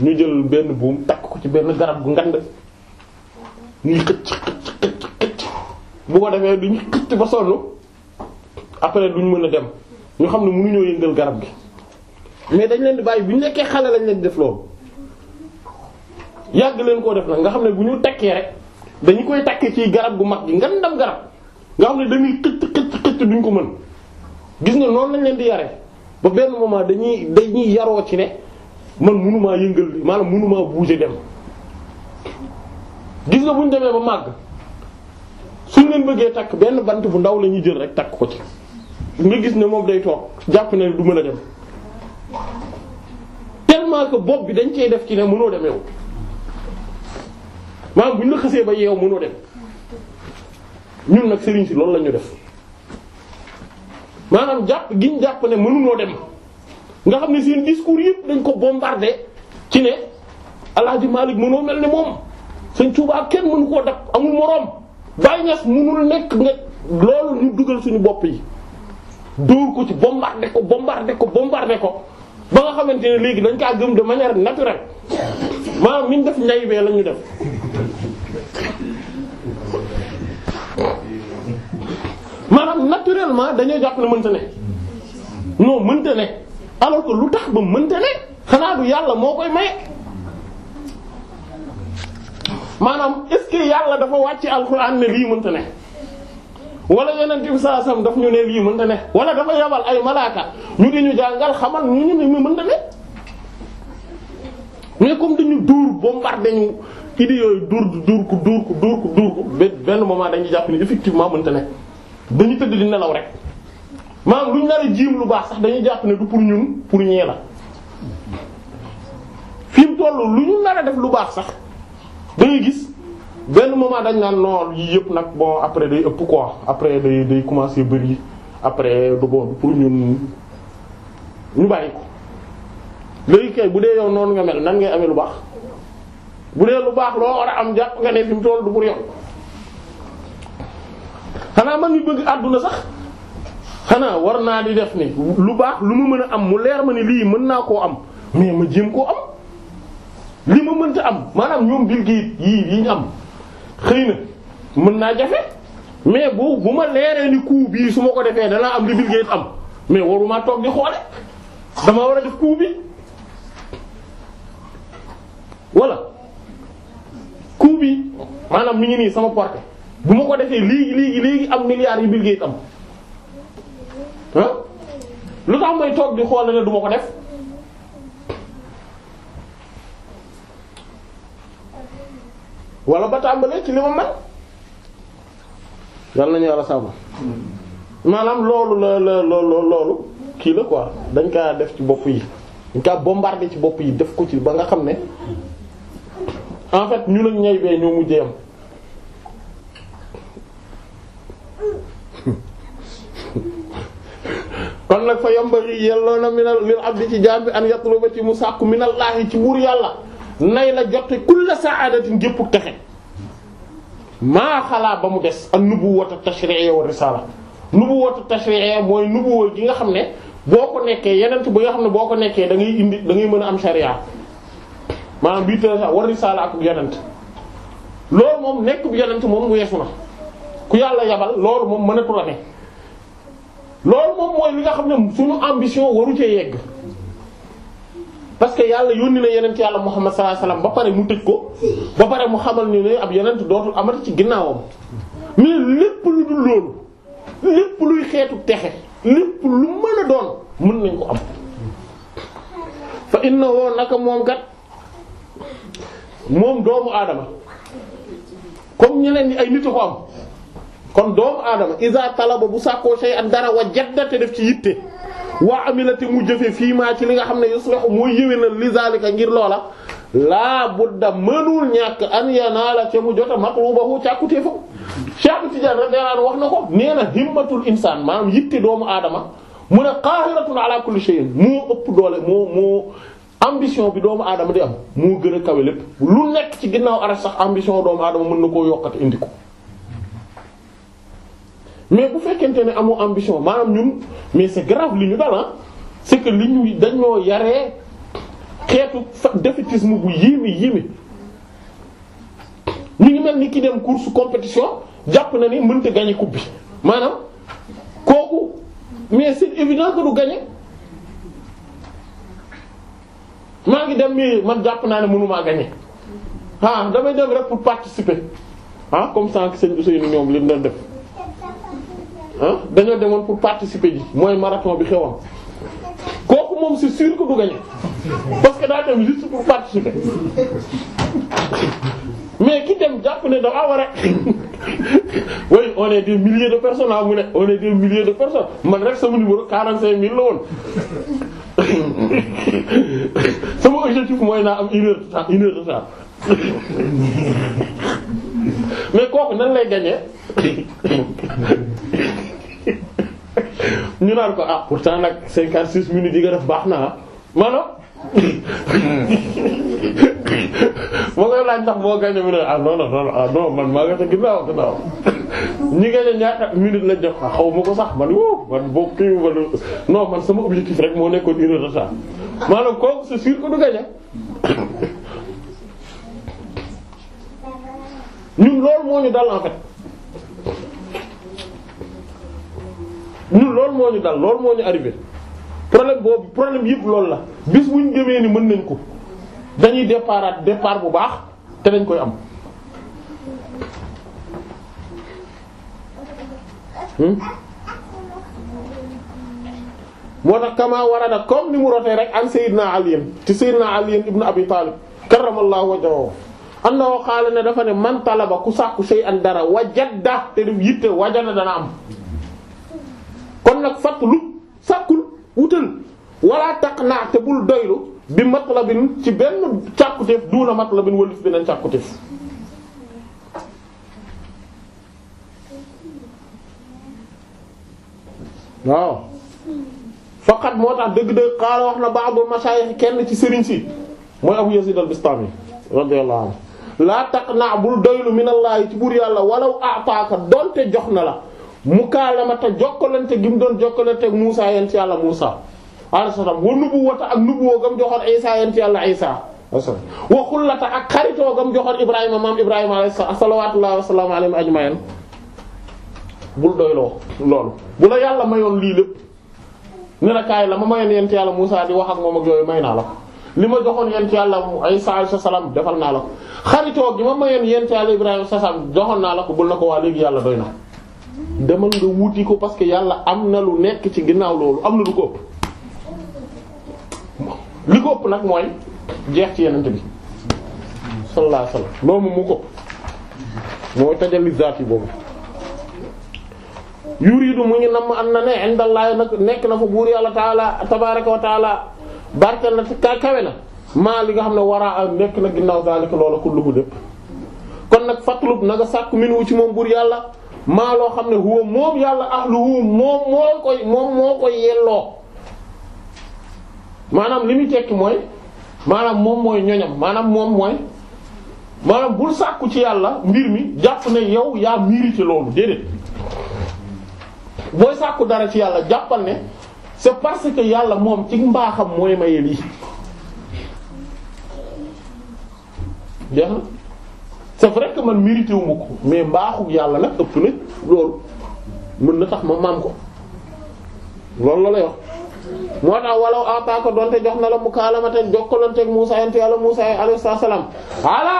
ñu jël benn buum takk ko ci benn garab gu ngand ñuy xëcc xëcc xëcc bu ko defee duñ xëcc ba sonn après duñ mën a dem ñu xam ne mu mënuñoo yëngal garab gi mais dañ leen di bàyyi bu nekkee xale lañ leen di yàgg leen koo def nga xam ne bu ñu takkee rek dañu koy takkee ci garab gu mag gi nga ndam garab nga xam ne dañuy xëcc xëcc xëcc duñ ko mën gis ne noonu lañ leen di yare ba benn moment dañuy dañuy yaroo ci ne man mënumaa yëngal maanaam mënumaa bouger dem gis nga bu ñu demee ba màgg suñ leen bëggee takk benn bant bu ndaw la ñuy jël rek takk ko ci nga gis ne moom day toog jàpp ne du mën a dem tellement que bopp bi dañ cee def ci ne mënoo dem yow maanaam bu ñu ba yeew mënoo dem ñun nag sëriñ si loolu def maanaam jàpp giñ jàpp ne mënunoo dem nga xam ne seen discours yëpp dañ ko bombardé ci ne El Hadj mënoo mel ne moom. sëñ Tuubaa kenn mënu koo dab amul moroom Baay Ñas mënul nekk nga loolu ñu dugal suñu bopp yi dóor ko ci bombardé ko bombardé ko bombardé ko ba nga xamante ne léegi dañ kaa gëm de manière naturelle maanaam min def ñay bee la ñu def maanaam naturellement dañoo jàpp ne mënta ne non mënta ne alors ko lu tax ba mënta ne xanaa du yàlla moo koy maye maanaam est-ce que yàlla dafa wàcce alxuraan ne lii mënta ne wala yeneen bi saa sam daf ñu ne lii mënta wala dafa yabal ay malaaka ñu di ñu jàngal xamal ñu ñu ne mu mënta ne mais comme dañu duur bombardé ñu idées yooyu duur duur ko duur ko duur ko benn moment dañu jàpp ni effectivement mënta ne dañu tëdd di nelaw rek maanaam luñ nar a jiim lu baax sax dañuy jàpp ne du pour ñun pour ñee la fii mu toll lu ñu nar def lu baax sax da gis benn moment dañ naan noor yi yëpp nag bon après day ëpp ko après day day commencer bëri après du bon pour ñun ñu bàyyi ko léegi kay bu dee yow noonu nga mel nan ngay ame lu baax bu dee lu baax loo war a am jàpp nga ne fi mu toll du pour yow xanaa man mi bëgg àdduna sax xanaa war naa di def ni lu baax lu ma mën a am mu leer ma ni lii mën naa koo am mais ma jéem koo am. li ma mënta am maanaam ñoom Bill Gates yii yi am xëy na mën naa jafe mais bu bu ma leeree ni coup bii su ma ko defee danaa am li Bill Gates am mais waruma toog di xoole dama war a def bi voilà coup bi mi ngi nii sama bu ma ko defee léegi léegi léegi am milliards yi Bill Gates am ah lu tax may toog di xoole ne du ma ko def. wala ba tàmbalee ci li ma man yal nañu yàlla sàmm maanaam loolu la la loolu kii la quoi dañ kaa def ci bopp yi dañ kaa bombardé ci bopp yi def ko ci ba nga xam ne en fait ñu lañ ñay bee ñoo mujjee am kon nag fa yambari yelloo na minal lil abdi ci jaam bi an yatluba ci mu sàkku minallaahi ci buur yàlla nay la jotte kulla saadatin gépp texe maa xalaa ba mu des ak nubuwwata tashri'iyya wa risaala nubuwwata tashri'iyya mooy nubuwwa gi nga xam ne boo ko nekkee yenent ba nga xam ne boo ko nekkee da ngay indi dangay mën a am sharia maanaam bii teel war risaala ak yonent loolu moom nekk bu yonent moom weesu na ku yàlla yabal loolu moom mën la ne loolu moom mooy li nga xam ne suñu ambition waru cee yegg. parce que yàlla yónni na yeneen ci yàlla Muhammad sallallahu alayhi wasallam ba pare mu tëj ko ba pare mu xamal ni ne ab yeneen dootul amati ci ginnaawam mais lépp lu dul loolu lépp luy xeetu texe lépp lu mën a doon mën nañ ko am. fa innahu naka moom kat moom doomu aadama comme ñeneen ñi ay nit ko am kon doomu aadama iza talaba bu sàkkoo shay an dara wajadda te def ci yitte. waa amila te mu jëfe fii maa ci li nga xam ne yuslihu mooy yëwénal li zalika ngir loola laa budda mënul ñàkk an yanaala ca mu jota matlubahu càkkutée fa Cheikh Tidiane radiyallahu wax na ko nee na himmatul insaan maanaam yitte doomu aadama mu ne qahiratun ala kulli shay'in moo ëpp doole mu moo ambition bi doomu aadama di am mu gën a kawe lépp lu nekk ci ginnaaw aras sax ambition doomu aadama mën na koo yokkate indi ko mais bu fekkente ni amu ambition maanaam ñun mais c'est grave li ñu dal ah que li ñu moo yaree xeetu défaitisme bu yéeme yéeme ñu ngi mel ni kii dem course compétition jàpp na ni mënta gagner coupe maanaam kooku mais c'est évident que du gagner maa ngi dem nii man jàpp naa ne mënumaa gagner ah damay dem rek pour participer ah comme ça sëñ Ousseynou ñoom li mu doon def. ah dañoo demoon pour participer ji mooy marathon bi xewoon kooku moom c'est sûr que du gagner parce que daa dem pour participer mais ki dem jàpp ne dafa war a oui on est des milliers de personnes ah mu ne on des milliers de personnes man rek sama numéro 45000 la woon sama objectif mooy naa am une heure de temps mais kooku nan lay gañee ñu naan ko ah pourtant nag cinquante six minutes yi nga def baax na ah. maanaam moo koy laaj ndax boo gañe mu ne ah non non non ah non man maa nga te ginnaaw ginnaaw ñi gañe ñaata minute lañ def ah, xaw ma ko sax man woo man boo man non man sama objectif rek moo nekkoon une heure de temps maanaam kooku c'est sûr que du gañe ñun loolu moo ñu dal en loolu moo ñu dal moo ñu arrivé problème boobu problème yëpp lool la bis bu ñu ni mën nañ ko dañuy départ départ bu baax te dañ koy am. Hmm? moo tax kama warada comme ni mu rotee rek an Seydina Ali te Seydina Ali ibn Abi Talib karramallahu wajhahu am annahu qaala ne dafa ne man talaba ku sàkku shay'an dara wajadda te def yitte wajana dana am kon nag fatlub sàkkul wutal wala taqna te bul doylu bi matlabin ci benn càkkuteef duuna matlabin wëlif beneen càkkuteef waaw faqat moo tax dëgg-dëgg xaala wax na ba'dul mashayikh kenn ci sëriñ si mooy Abu Yazid al-Bistami radiyallahu anhu laa taqna bul doylu minallaahi ci buur yàlla walaw ataaka donte jox na la mukaalamata jokkalante gi mu doon jokkalante ak Muusaa yent yàlla Muusaa alayhi salaam wa nubuwata ak nubuwa gam joxoon Isaa yent yàlla Isaa wa xullata ak xaritoo gam joxoon Ibrahima maam Ibrahima alayhi salaam salawaatullaahi wa salaamu alayhim bul doyloo loolu bu la yàlla mayoon lii lépp ne la kaay la ma mayoon yent yàlla Muusaa di wax ak moom ak yooyu may naa la li ma joxoon yent yàlla ay saa sa salaam defal naa la ko xaritoo gi ma mayoon yent yàlla Ibrahima sa salaam joxoon naa la ko bul na ko waa léegi yàlla doy na demal nga wuti ko parce que yàlla am na lu nekk ci ginnaaw loolu am na lu ko ëpp li ko ëpp nag mooy jeex ci yenente bi sallallahu alayhi wasallam loolu mu ko mooy tajalli zaat yi boobu yuridu mu ngi namm am na ne indallaahi nekk na fa buur yàlla taala tabaaraka wa barkeel na te ka kawe na maa li nga xam ne waraa a nekk na ginnaaw daalika loola kulluhu lépp kon nag fatlub nag nga sàkk min ci moom buur yàlla maa loo xam ne huwa moom yàlla ahluhu moom moo moom moo ko yelloo maanaam li muy tekki mooy maanaam moom mooy maanaam moom mooy maanaam bul sàkku ci yàlla mbir mi jàpp ne yow yaa mérité loolu déedéet booy sàkku dara ci yàlla jàppal ne c'est parce que yàlla moom ci mbaaxam mooy maye lii jeex na c'est vrai que man mérité wu ma ko mais mbaaxu yàlla nag ëpp na loolu mën na tax ma maam ko loolu la lay wax moo tax walaw ataaka donte jox na la mu kaalamate jokkalanteeg Muusaa yant yàlla Muusaa alayhi salaam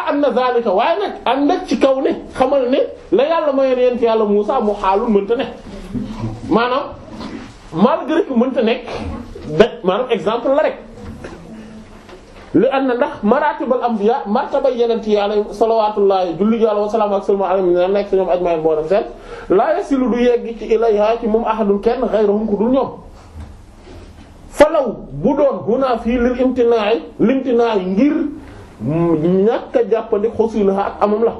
am na zalika waaye nag am nag ci kaw ne xamal ne la yàlla mayoon yant yàlla Muusaa mu xaalul mënta ne maanaam malgré que mënta nekk da maanaam exemple la rek li am na ndax maratibal anbiya martaba yenent yi alay salawatullahi julli yàlla wa salaam ak salama alayhi na nekk sa ñoom ajmain boolem seen laa yasilu du yegg ci ilayha ci moom ahadun kenn ghayruhum ku dul ñoom falaw bu doon huna fii lil imtina'i limtina'i ngir ñàkk a jàppandi xusilha ak amam la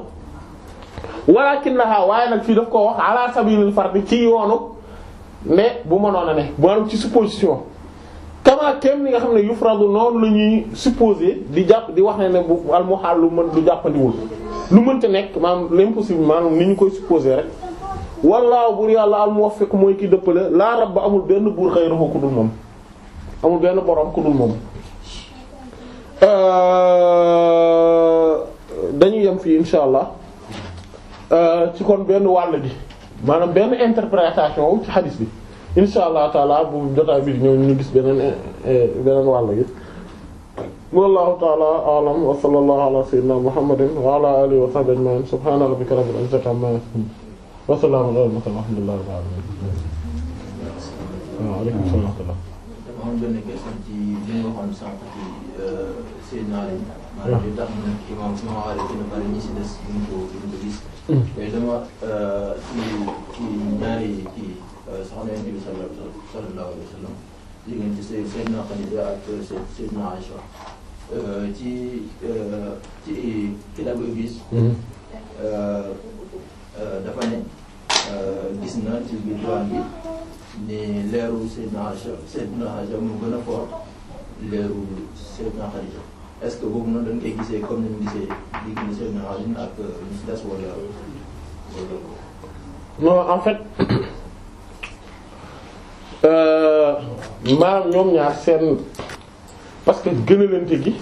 walakinnaha waaye nag fii daf ko wax ala sabilil fardi ci yoonu ne bu mënoon a ne maanaam ci supposition kama kem li nga xam ne yufradu noonu la ñuy supposé di jàpp di wax ne ne bu almuhaal lu mën lu jàppandiwul lu mënta nekk maanaam l'impossible maam ni ñu koy supposé rek wallaahu buur yàlla almuwaffiq mooy kii dëppale laa ba amul benn buur xayruhu ku dul moom amul benn borom ku moom euh, dañu yem fii insha allah euh, ci kon benn wàll bi maanaam benn interprétation wu ci xadis bi insha allah taala bu jotaay bi ñëw ñu gis beneen eh, beneen wàll gi wallahu taala alam wa sallallahu ala sayyidina muhammadin wa ala alihi wa sahbihi ajma'in subhana rabbika rabbil izzati amma yasifun wa salamun ala al-mursalin walhamdulillahi rabbil alamin wa alaykum salaam wa rahmatullah Seydina lañ. maanaam li tax nag imam su ma waxee ci lu bari ñi si des duñ ko duñ ko gis. mais dama ci ci ñaari kii soxna Yonent bi sallallahu alayhi wa sallam di ngeen ci Seydina Xadija ak Seydina Aïcha ci eh, ci eh, kitaab Iblis. dafa ne gis na ci biir diwaan bi ni eh, leeru Seydina Aïcha Seydina Aïcha mu gën a fort leeru Seydina Xadija est-ce que boobu noonu dañ koy gisee comme ni ñu gisee en fait euh, maanaam ñoom ñaar seen parce gënalante gi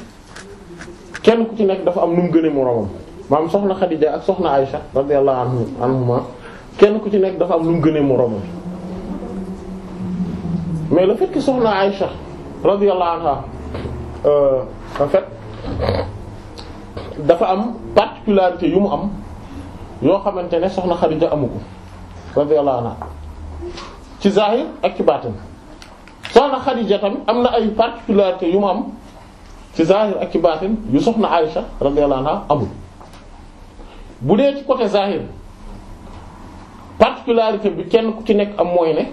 kenn ku ci nekk dafa am lu mu gënee moroomam maanaam soxla Khadija ak soxna Aïcha radiyallahu anhu anhuma kenn ku ci nekk dafa am lu mu gënee moroomam mais le fait que soxna Aïcha radiyallahu anha euh, en fait dafa am particularité yu mu am yoo xamante ne soxna Xadija amu ko radiyallahu anha ci zahir ak ci baatin soxna Xadija tamit am na ay particularité yu mu am ci zahir ak ci baatin yu soxna Aïcha radiyallahu anha amul bu dee ci côté zahir particularité bi kenn ku ci nekk am mooy ne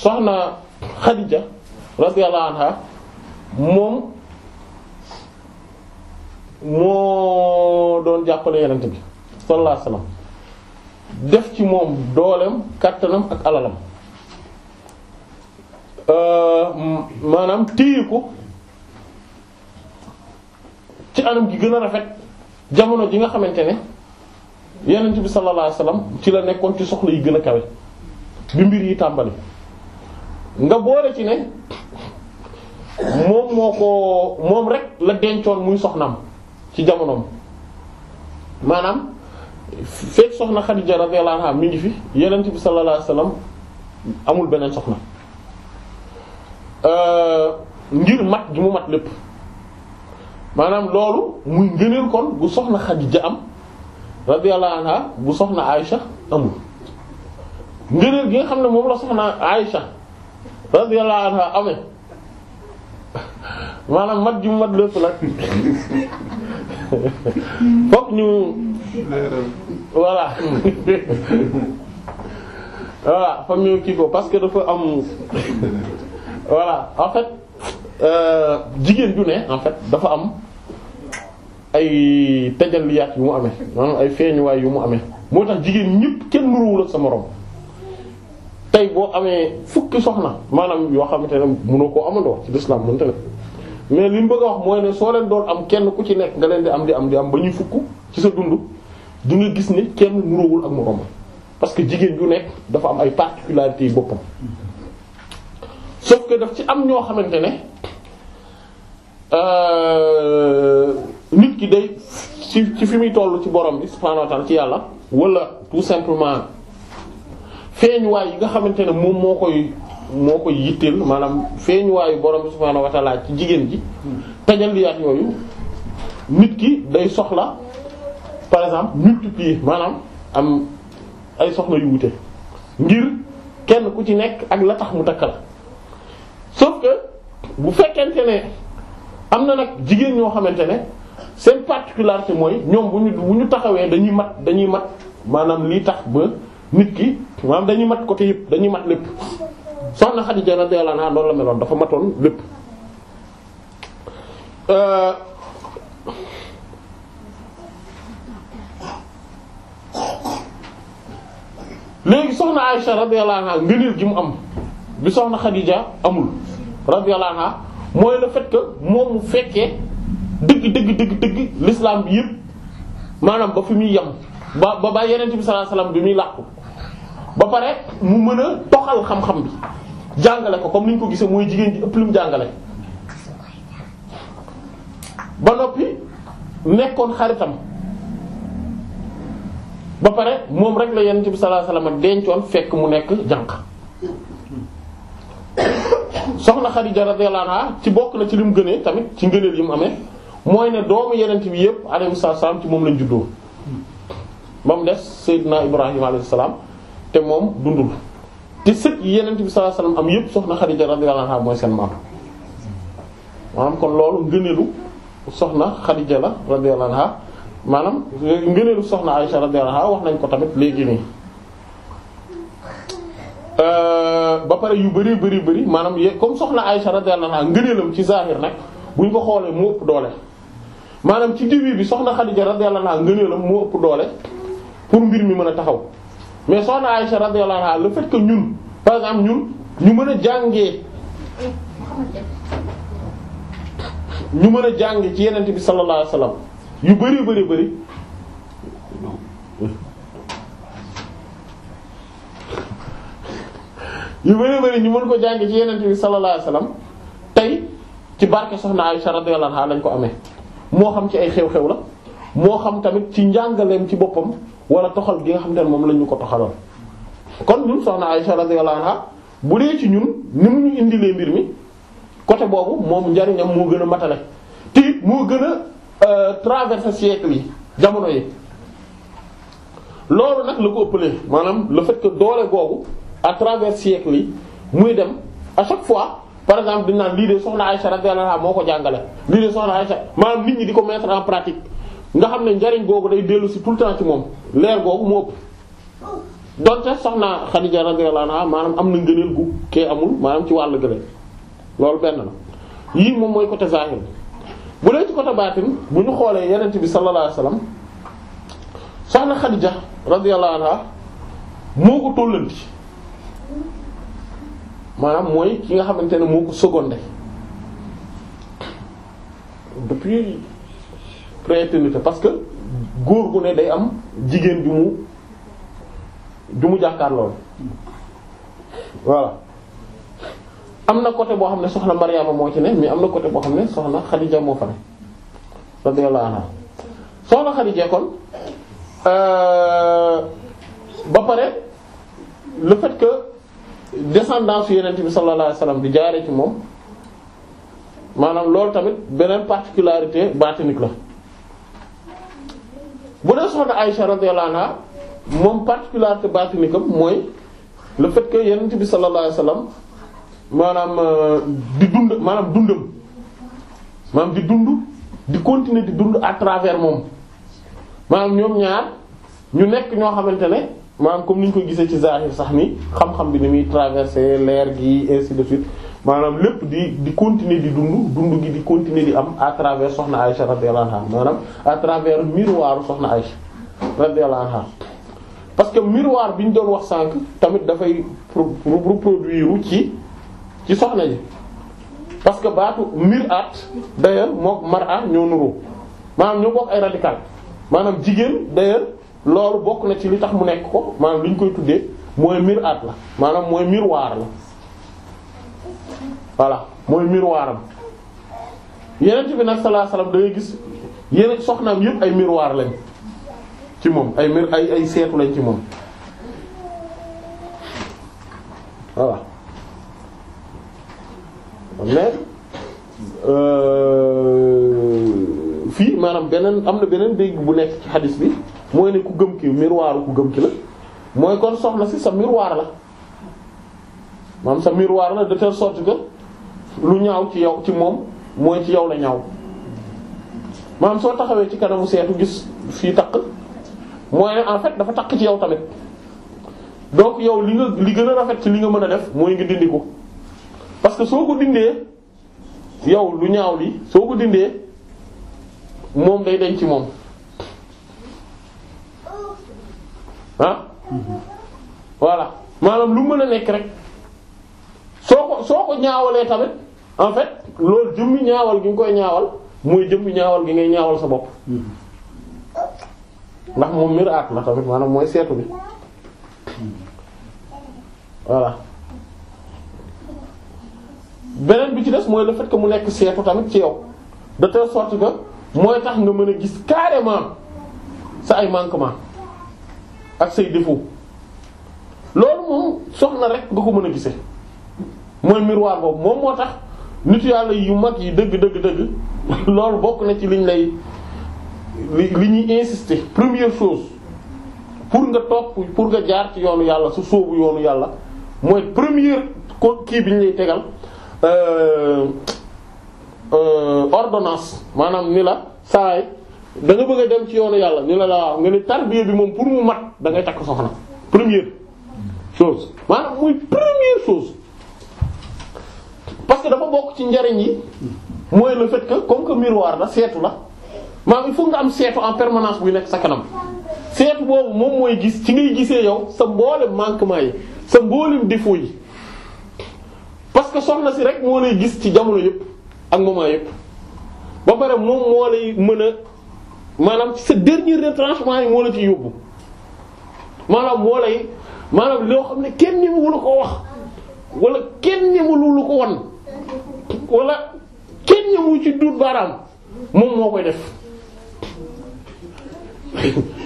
soxna Xadija radiyallahu anha moom moo doon jàppale yonent bi sallallahu alayhi wasallam def ci moom dooleem kàttanam ak alalam euh, maanaam téye ko ci anam gi gën a rafet jamono ji nga xamante ne yonent bi sallallahu alayhi ci la nekkoon ci soxla yi gën a kawe bi mbir yi tàmbali nga boole ci ne moom moo ko moom rek la dencoon muy soxnaam ci jamono maanaam fekk soxna Xadija radiyallahu anha mi ngi fi yonent bi sallallahu amul beneen soxna euh, ngir mat gi mat lépp maanaam loolu muy ngëneel kon bu soxna Xadija am radiyallahu anha bu soxna Aïcha amul ngëneel gi nga xam ne moom la anha maanaam mat gi mu mat lépp la fokk ñu voilà voilà fokk ñu kii ko parce que dafa am voilà en fait euh, jigéen ju ne en fait dafa am ay tajalliyaat yu mu amee maanaam ay feeñuwaay yu mu amee moo tax jigéen ñépp kenn nuruwul ak sa moroom tey boo amee fukki soxna maanaam yoo xamante ne mënoo koo amandoo ci lislaam mënta ne mais li mu bëgg a wax mooy ne soo leen doon am kenn ku ci nekk nga leen di am di am di am ba ñuy fukk ci sa dund di nga gis ni kenn nuróowul ak moroom parce que jigéen ju nekk dafa am ay particularités yi boppam sauf que daf ci am ñoo xamante ne euh, nit ki day ci ci fi muy toll ci borom bi subhanahu wa ta'ala ci yàlla wala tout simplement feeñuwaay yi nga xamante ne moom moo koy moo koy yitteel maanaam feeñuwaayu borom subhaanahu wa ta'ala ci jigéen ji tajalliyaat yooyu nit ki day soxla par exemple multiplier maanaam am ay soxla yu wute ngir kenn ku ci nekk ak la tax mu takk la sauf que bu fekkente ne am na nag jigéen ñoo xamante ne seen particularité mooy ñoom bu ñu bu ñu taxawee dañuy mat dañuy mat maanaam li tax ba nit ki maanaam dañuy mat côté yëpp dañuy mat lépp soxna Xadija radiyallahu anha loolu la meloon dafa matoon lépp euh, léegi soxna Aïcha radiyallahu anha gi mu am bi soxna Xadija amul radiyallahu anha mooy le fait moom mu fekkee dëgg dëgg dëgg dëgg l'islam bi yëpp maanaam ba fi muy yem ba ba ba yeneen bi sa alayhi wasallam bi muy làqu ba pare mu mën a toqal xam-xam bi jàngale ko comme ni ñu ko gisee mooy jigéen ji ëpp lu mu jàngale ba noppi nekkoon xaritam ba pare moom rek la yonent bi sallallahu alayhi wasallam dencoon fekk mu nekk jànq soxna Xadija radiyallahu anha ci bokk na ci lu mu gënee tamit ci ngëneel yi mu amee mooy ne doomu yonent bi yépp alayhi salaam ci moom lañ juddoo ba mu des Seydina Ibrahima alayhi salaam te moom dundul. te sët yi yenent bi sallallahu alayhi wasallam am yépp soxna Xadija mooy seen maam maanaam kon loolu ngëneelu soxna Xadija la radiyallahu maanaam ngëneelu soxna Aisha radiyallahu anha wax nañ ko tamit léegi nii euh, ba pare yu bari maanaam ye comme soxna Aisha radiyallahu anha ngëneelam ci zahir nag bu ñu ko xoolee mu ëpp doole maanaam ci début bi soxna Xadija radiyallahu anha ngëneelam mu ëpp doole pour mbir mi mën a taxaw mais soxna Aïcha radiyallahu anha le fait que ñun par exemple ñun ñu mën a jànge ñu mën a jàngee ci yenente bi sallallahu alayhi yu bari bari bari yu bari bari ñu mën ko jàngee ci yenente bi sallallahu alayhi tey ci barke soxna Aïcha radiyallahu anha lañ ko amee moo xam ci ay xew-xew la moo xam tamit ci njàngaleem ci boppam wala toxal gi nga xam te ne moom la ñu ko toxaloon kon ñun soxna Aisha radiyallahu anha bu dee ci ñun ni mu ñu indilee mbir mi côté boobu moom njariñam moo gën a matale te moo gën a euh, traverser siècle yi jamono yi loolu nag la ko ëppalee maanaam le fekk que doole googu à travers siècle yi muy dem a chaque fois par exemple dañ naan lii de soxna Aisha radiyallahu anha moo ko jàngale lii de soxna Aisha maanaam nit ñi di ko mettre pratique nga xam ne njariñ googu day dellusi si tout ci moom leer googu moo ëpp donte soxna Xadija radiyallahu anha maanaam am na ngëneel gu kee amul maanaam ci wàll gële loolu benn la yii moom mooy côté zahir bu dee ci côté baatin bu ñu xoolee yenent bi sallallahu alayhi wasallam soxna moo ko tollanti maanaam mooy ki nga xamante ne moo ko secondé créativité parce que góor gu ne day am jigéen ju mu ju mu jàkkaar lool voilà am na côté boo xam ne soxna Mariama moo ci ne mais am na côté boo xam ne soxna Khadija moo fa ne radiyallahu anha soxna Khadija kon euh, ba pare le fait que descendance su Yonent bi sallallahu alayhi wasallam di jaaree ci moom maanaam loolu tamit beneen particularité baatinique la bu dee soxna Aïcha radiyallahu anha moom particularité batinikam mooy le fait que Yonent bi sallallahu alayhi wa sallam maanaam euh, di dund maanaam dundam maanaam di dund di continuer di dund à travers moom maanaam ñoom ñaar ñu nekk ñoo xamante ne maanaam comme ni ñu ko gisee ci zahir sax ni xam-xam bi ni muy traverser leer gi ainsi de suite maanaam lépp di di continuer di dund dund gi di continuer di am à travers soxna Aïcha radiyallahu anha maanaam à travers miroir soxna Aïcha radiyallahu anha parce que miroir bi ñu doon wax sànq tamit dafay reproduire ci ci soxna ji parce que baatu miraat d'ailleurs mook mar'a ñoo nuroo maanaam ñoo bokk ay radical maanaam jigéen d'ailleurs loolu bokk na ci li tax mu nekk ko maanaam li ñu koy tuddee mooy miraat la maanaam mooy miroir la voilà mooy miroiram yeneen bi nag sallallahu alayhi gis yeneen soxnaam yëpp ay miroir lañ ci moom ay mir ay ay seetu lañ ci moom voilà mais euh, fii maanaam beneen am na beneen dégg bu nekk ci xadis bi mooy ne ku gëm la mooy kon soxna si sa miroir la maanaam sa miroir la de telle lu ñaaw ci yow ci moom mooy ci yow la ñaaw maam soo taxawee ci kanamu seetu gis fii takk mooy en fait dafa takk ci yow tamit donc yow li nga li gën a rafet ci li nga mën a def mooy nga dindi ko parce que soo ko dindee yow lu ñaaw li soo ko dindee moom day denc ci moom ah voilà maanaam lu mën a nekk rek soo ko soo ko ñaawalee tamit en fait loolu jëmmi ñaawal gi nga koy ñaawal mooy jëmmi ñaawal gi ngay ñaawal sa bopp ndax moom miraat la tamit mooy seetu bi voilà beneen bi ci des mooy la fait que mu nekk seetu tamit ci yow de telle sorte que mooy tax nga mën a gis carrément sa ay manquement ak say défaut loolu moom soxna rek nga ko mën a gisee mooy miroir boobu moom moo tax nit yàlla yu mag yi dëgg dëgg dëgg loolu bokk na ci liñ lay li ñuy insister première chose pour nga topp pour nga jaar ci yoonu yàlla su sóobu yoonu yàlla mooy premier ko kii bi ñu lay tegal euh, euh, ordonnance maanaam ni la saay danga nga bëgg a dem ci yoonu yàlla ni la la waaw nga ne tarbiya bi moom pour mu mag da ngay takk soxna première chose maanaam muy première chose parce que dafa bokk ci njariñ yi mooy le fait comme que miroir la seetu la maanaam il faut nga am seetu en permanence buy nekk sa kanam seetu boobu moom mooy gis ci ngay gisee yow sa mboolem manquement yi sa mboolem défaut yi parce que soxna si rek moo lay gis ci jamono yépp ak moment yépp ba pare moom moo lay mën a maanaam ci sa dernier retranchement yi moo la ci yóbbu maanaam moo lay maanaam loo xam ne kenn ni mu wulu ko wax wala kenn ni mu lu ko won wala kenn ñëwu ci duut baaraam moom moo koy def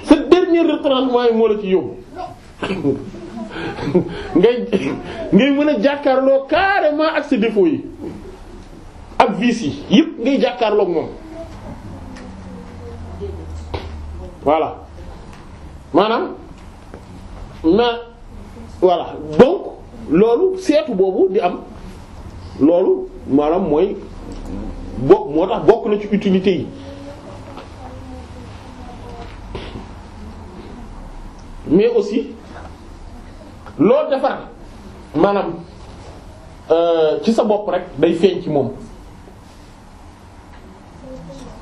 sa dernier retranchement yi moo la ci yóbbu ngay ngay mën a jàkkaarloo carrément ak ses défauts yi ak vices yi yëpp ngay jàkkaarlook moom voilà maanaam na voilà donc loolu seetu boobu di am loolu maanaam mooy bo moo tax bokk la ci utilité yi mais aussi loo defar maanaam euh, ci sa bopp rek day feeñ ci moom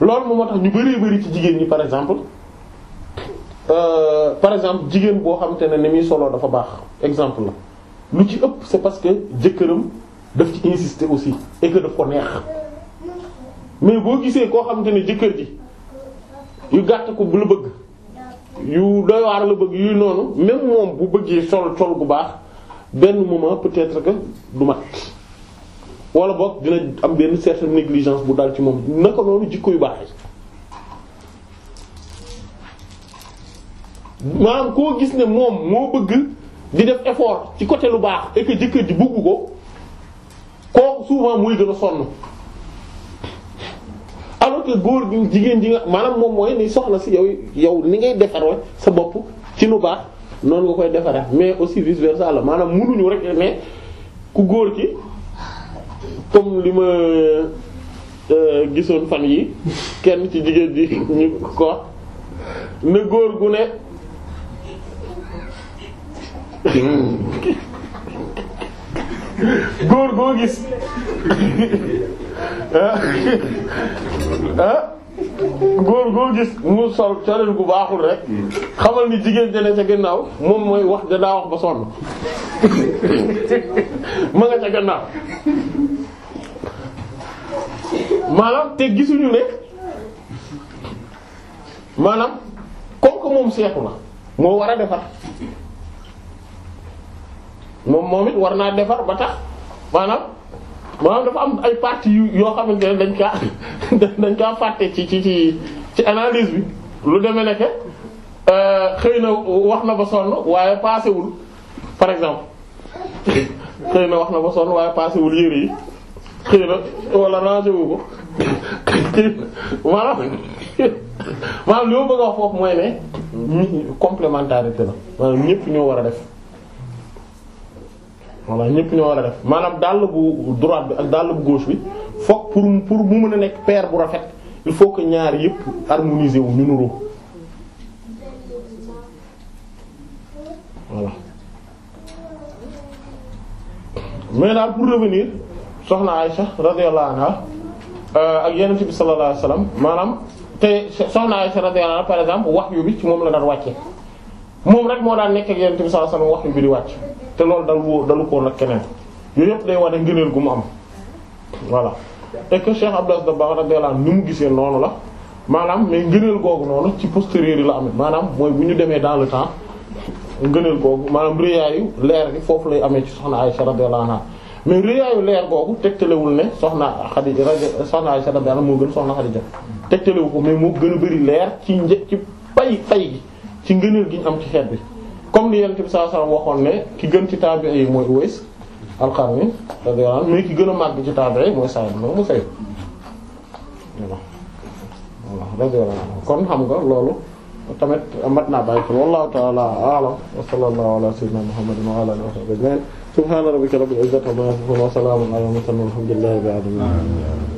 loolu moom moo tax ñu bari bari ci jigéen ñi par exemple euh, par exemple jigéen boo xam te ne ni muy solo dafa baax exemple la lu ci ëpp c'est parce que jëkkëram daf ci insister aussi et que daf ko neex mais boo gisee koo xamante ne jëkkër ji yu gàtt ko bu la bëgg yu doy waar la bëgg yuy noonu même moom bu bëggee sol sol bu baax benn moment peut-être que du mat wala boog dina am benn certaine négligence bu dal ci moom naka noonu jikko yu baax yi maanaam koo gis ne moom moo bëgg di def effort ci côté lu baax et jëkkër ji bëgg ko kooku souvent muy gën a sonn alors que góor gi jigéen ji nga maanaam moom mooy ni soxla si yow yow ni ngay defaroo sa bopp ci lu baax noonu nga koy defaree mais aussi vice versa la maanaam munuñu rek mais ku góor ki comme li ma euh, gisoon fan yi kenn ci jigéen ji ñu ko ne góor gu ne. Hmm. góor goo gis ah. Ah. góor goo gis mu sol colin gu baaxul rek xamal ni jigéen ja ne ca gannaaw moom mooy wax da daa wax ba sonn ma nga ca gannaaw maanaam te gisuñu ne maanaam comme moom seetu na moo war a defar moom moom it war naa defar ba tax maanaam maanaam dafa am ay parties yu yoo xamante ne dañ kaa dañ kaa fàtte ci ci ci ci analyse bi lu demee ne euh, xëy na wax na ba sonn waaye paasewul par exemple xëy na wax na ba sonn waaye paasewul yére yi xëy na wala rangé wu ko maanaam maanaam li ma bëgg a foofu mooy ne complémentarité la maanaam ñépp ñoo war a def. voilà ñëpp ñoo war a def maanaam dàll bu droite bi ak dàll bu gauche bi fokk pour pour bu mën a nekk paire bu rafet il faut que ñaar yëpp harmoniser wu ñu nuroo voilà mais daal pour revenir soxna Aïcha radiyallahu anha euh, ak Yonent bi sallallahu alayhi maanaam te soxna Aïcha radiyallahu anha par exemple wahyu bi ci moom la daan wàcce moom rek moo daan nekk ak Yonent bi sallallahu alayhi wasallam wahyu bi wàcc te loolu dal woo dalu koo nag keneen yooyu yëpp day wane ngëneel gu mu am voilà et que Cheikh Abdou Aziz Dabakh radiyallahu mu gisee noonu la maanaam mais ngëneel googu noonu ci postérieur yi la amee maanaam mooy bu ñu demee dans le temps ngëneel googu maanaam réyaayu leer gi foofu lay amee ci soxna ay radiyallahu anha mais réyaayu leer googu tegtalewul ne soxna Xadija soxna Aisha radiyallahu anha moo gën soxna Xadija tegtalewu ko mais moo gën a bari leer ci një ci pay pay gi ci ngëneel gi am ci xeet bi comme li Yonent bi sallallahu alayhi waxoon ne ki gën ci taabi yi mooy Uways al-Qarni radiyallahu anhu mais ki gën a màgg ci taabi yi mooy Sa'id ibn Musayyib radiyallahu anhu kon xam nga loolu tamit mat naa bàyyi xel wallahu a a'lam wa sallallahu ala sayyidina Muhammadin wa ala alihi wa sahbihi ajma'in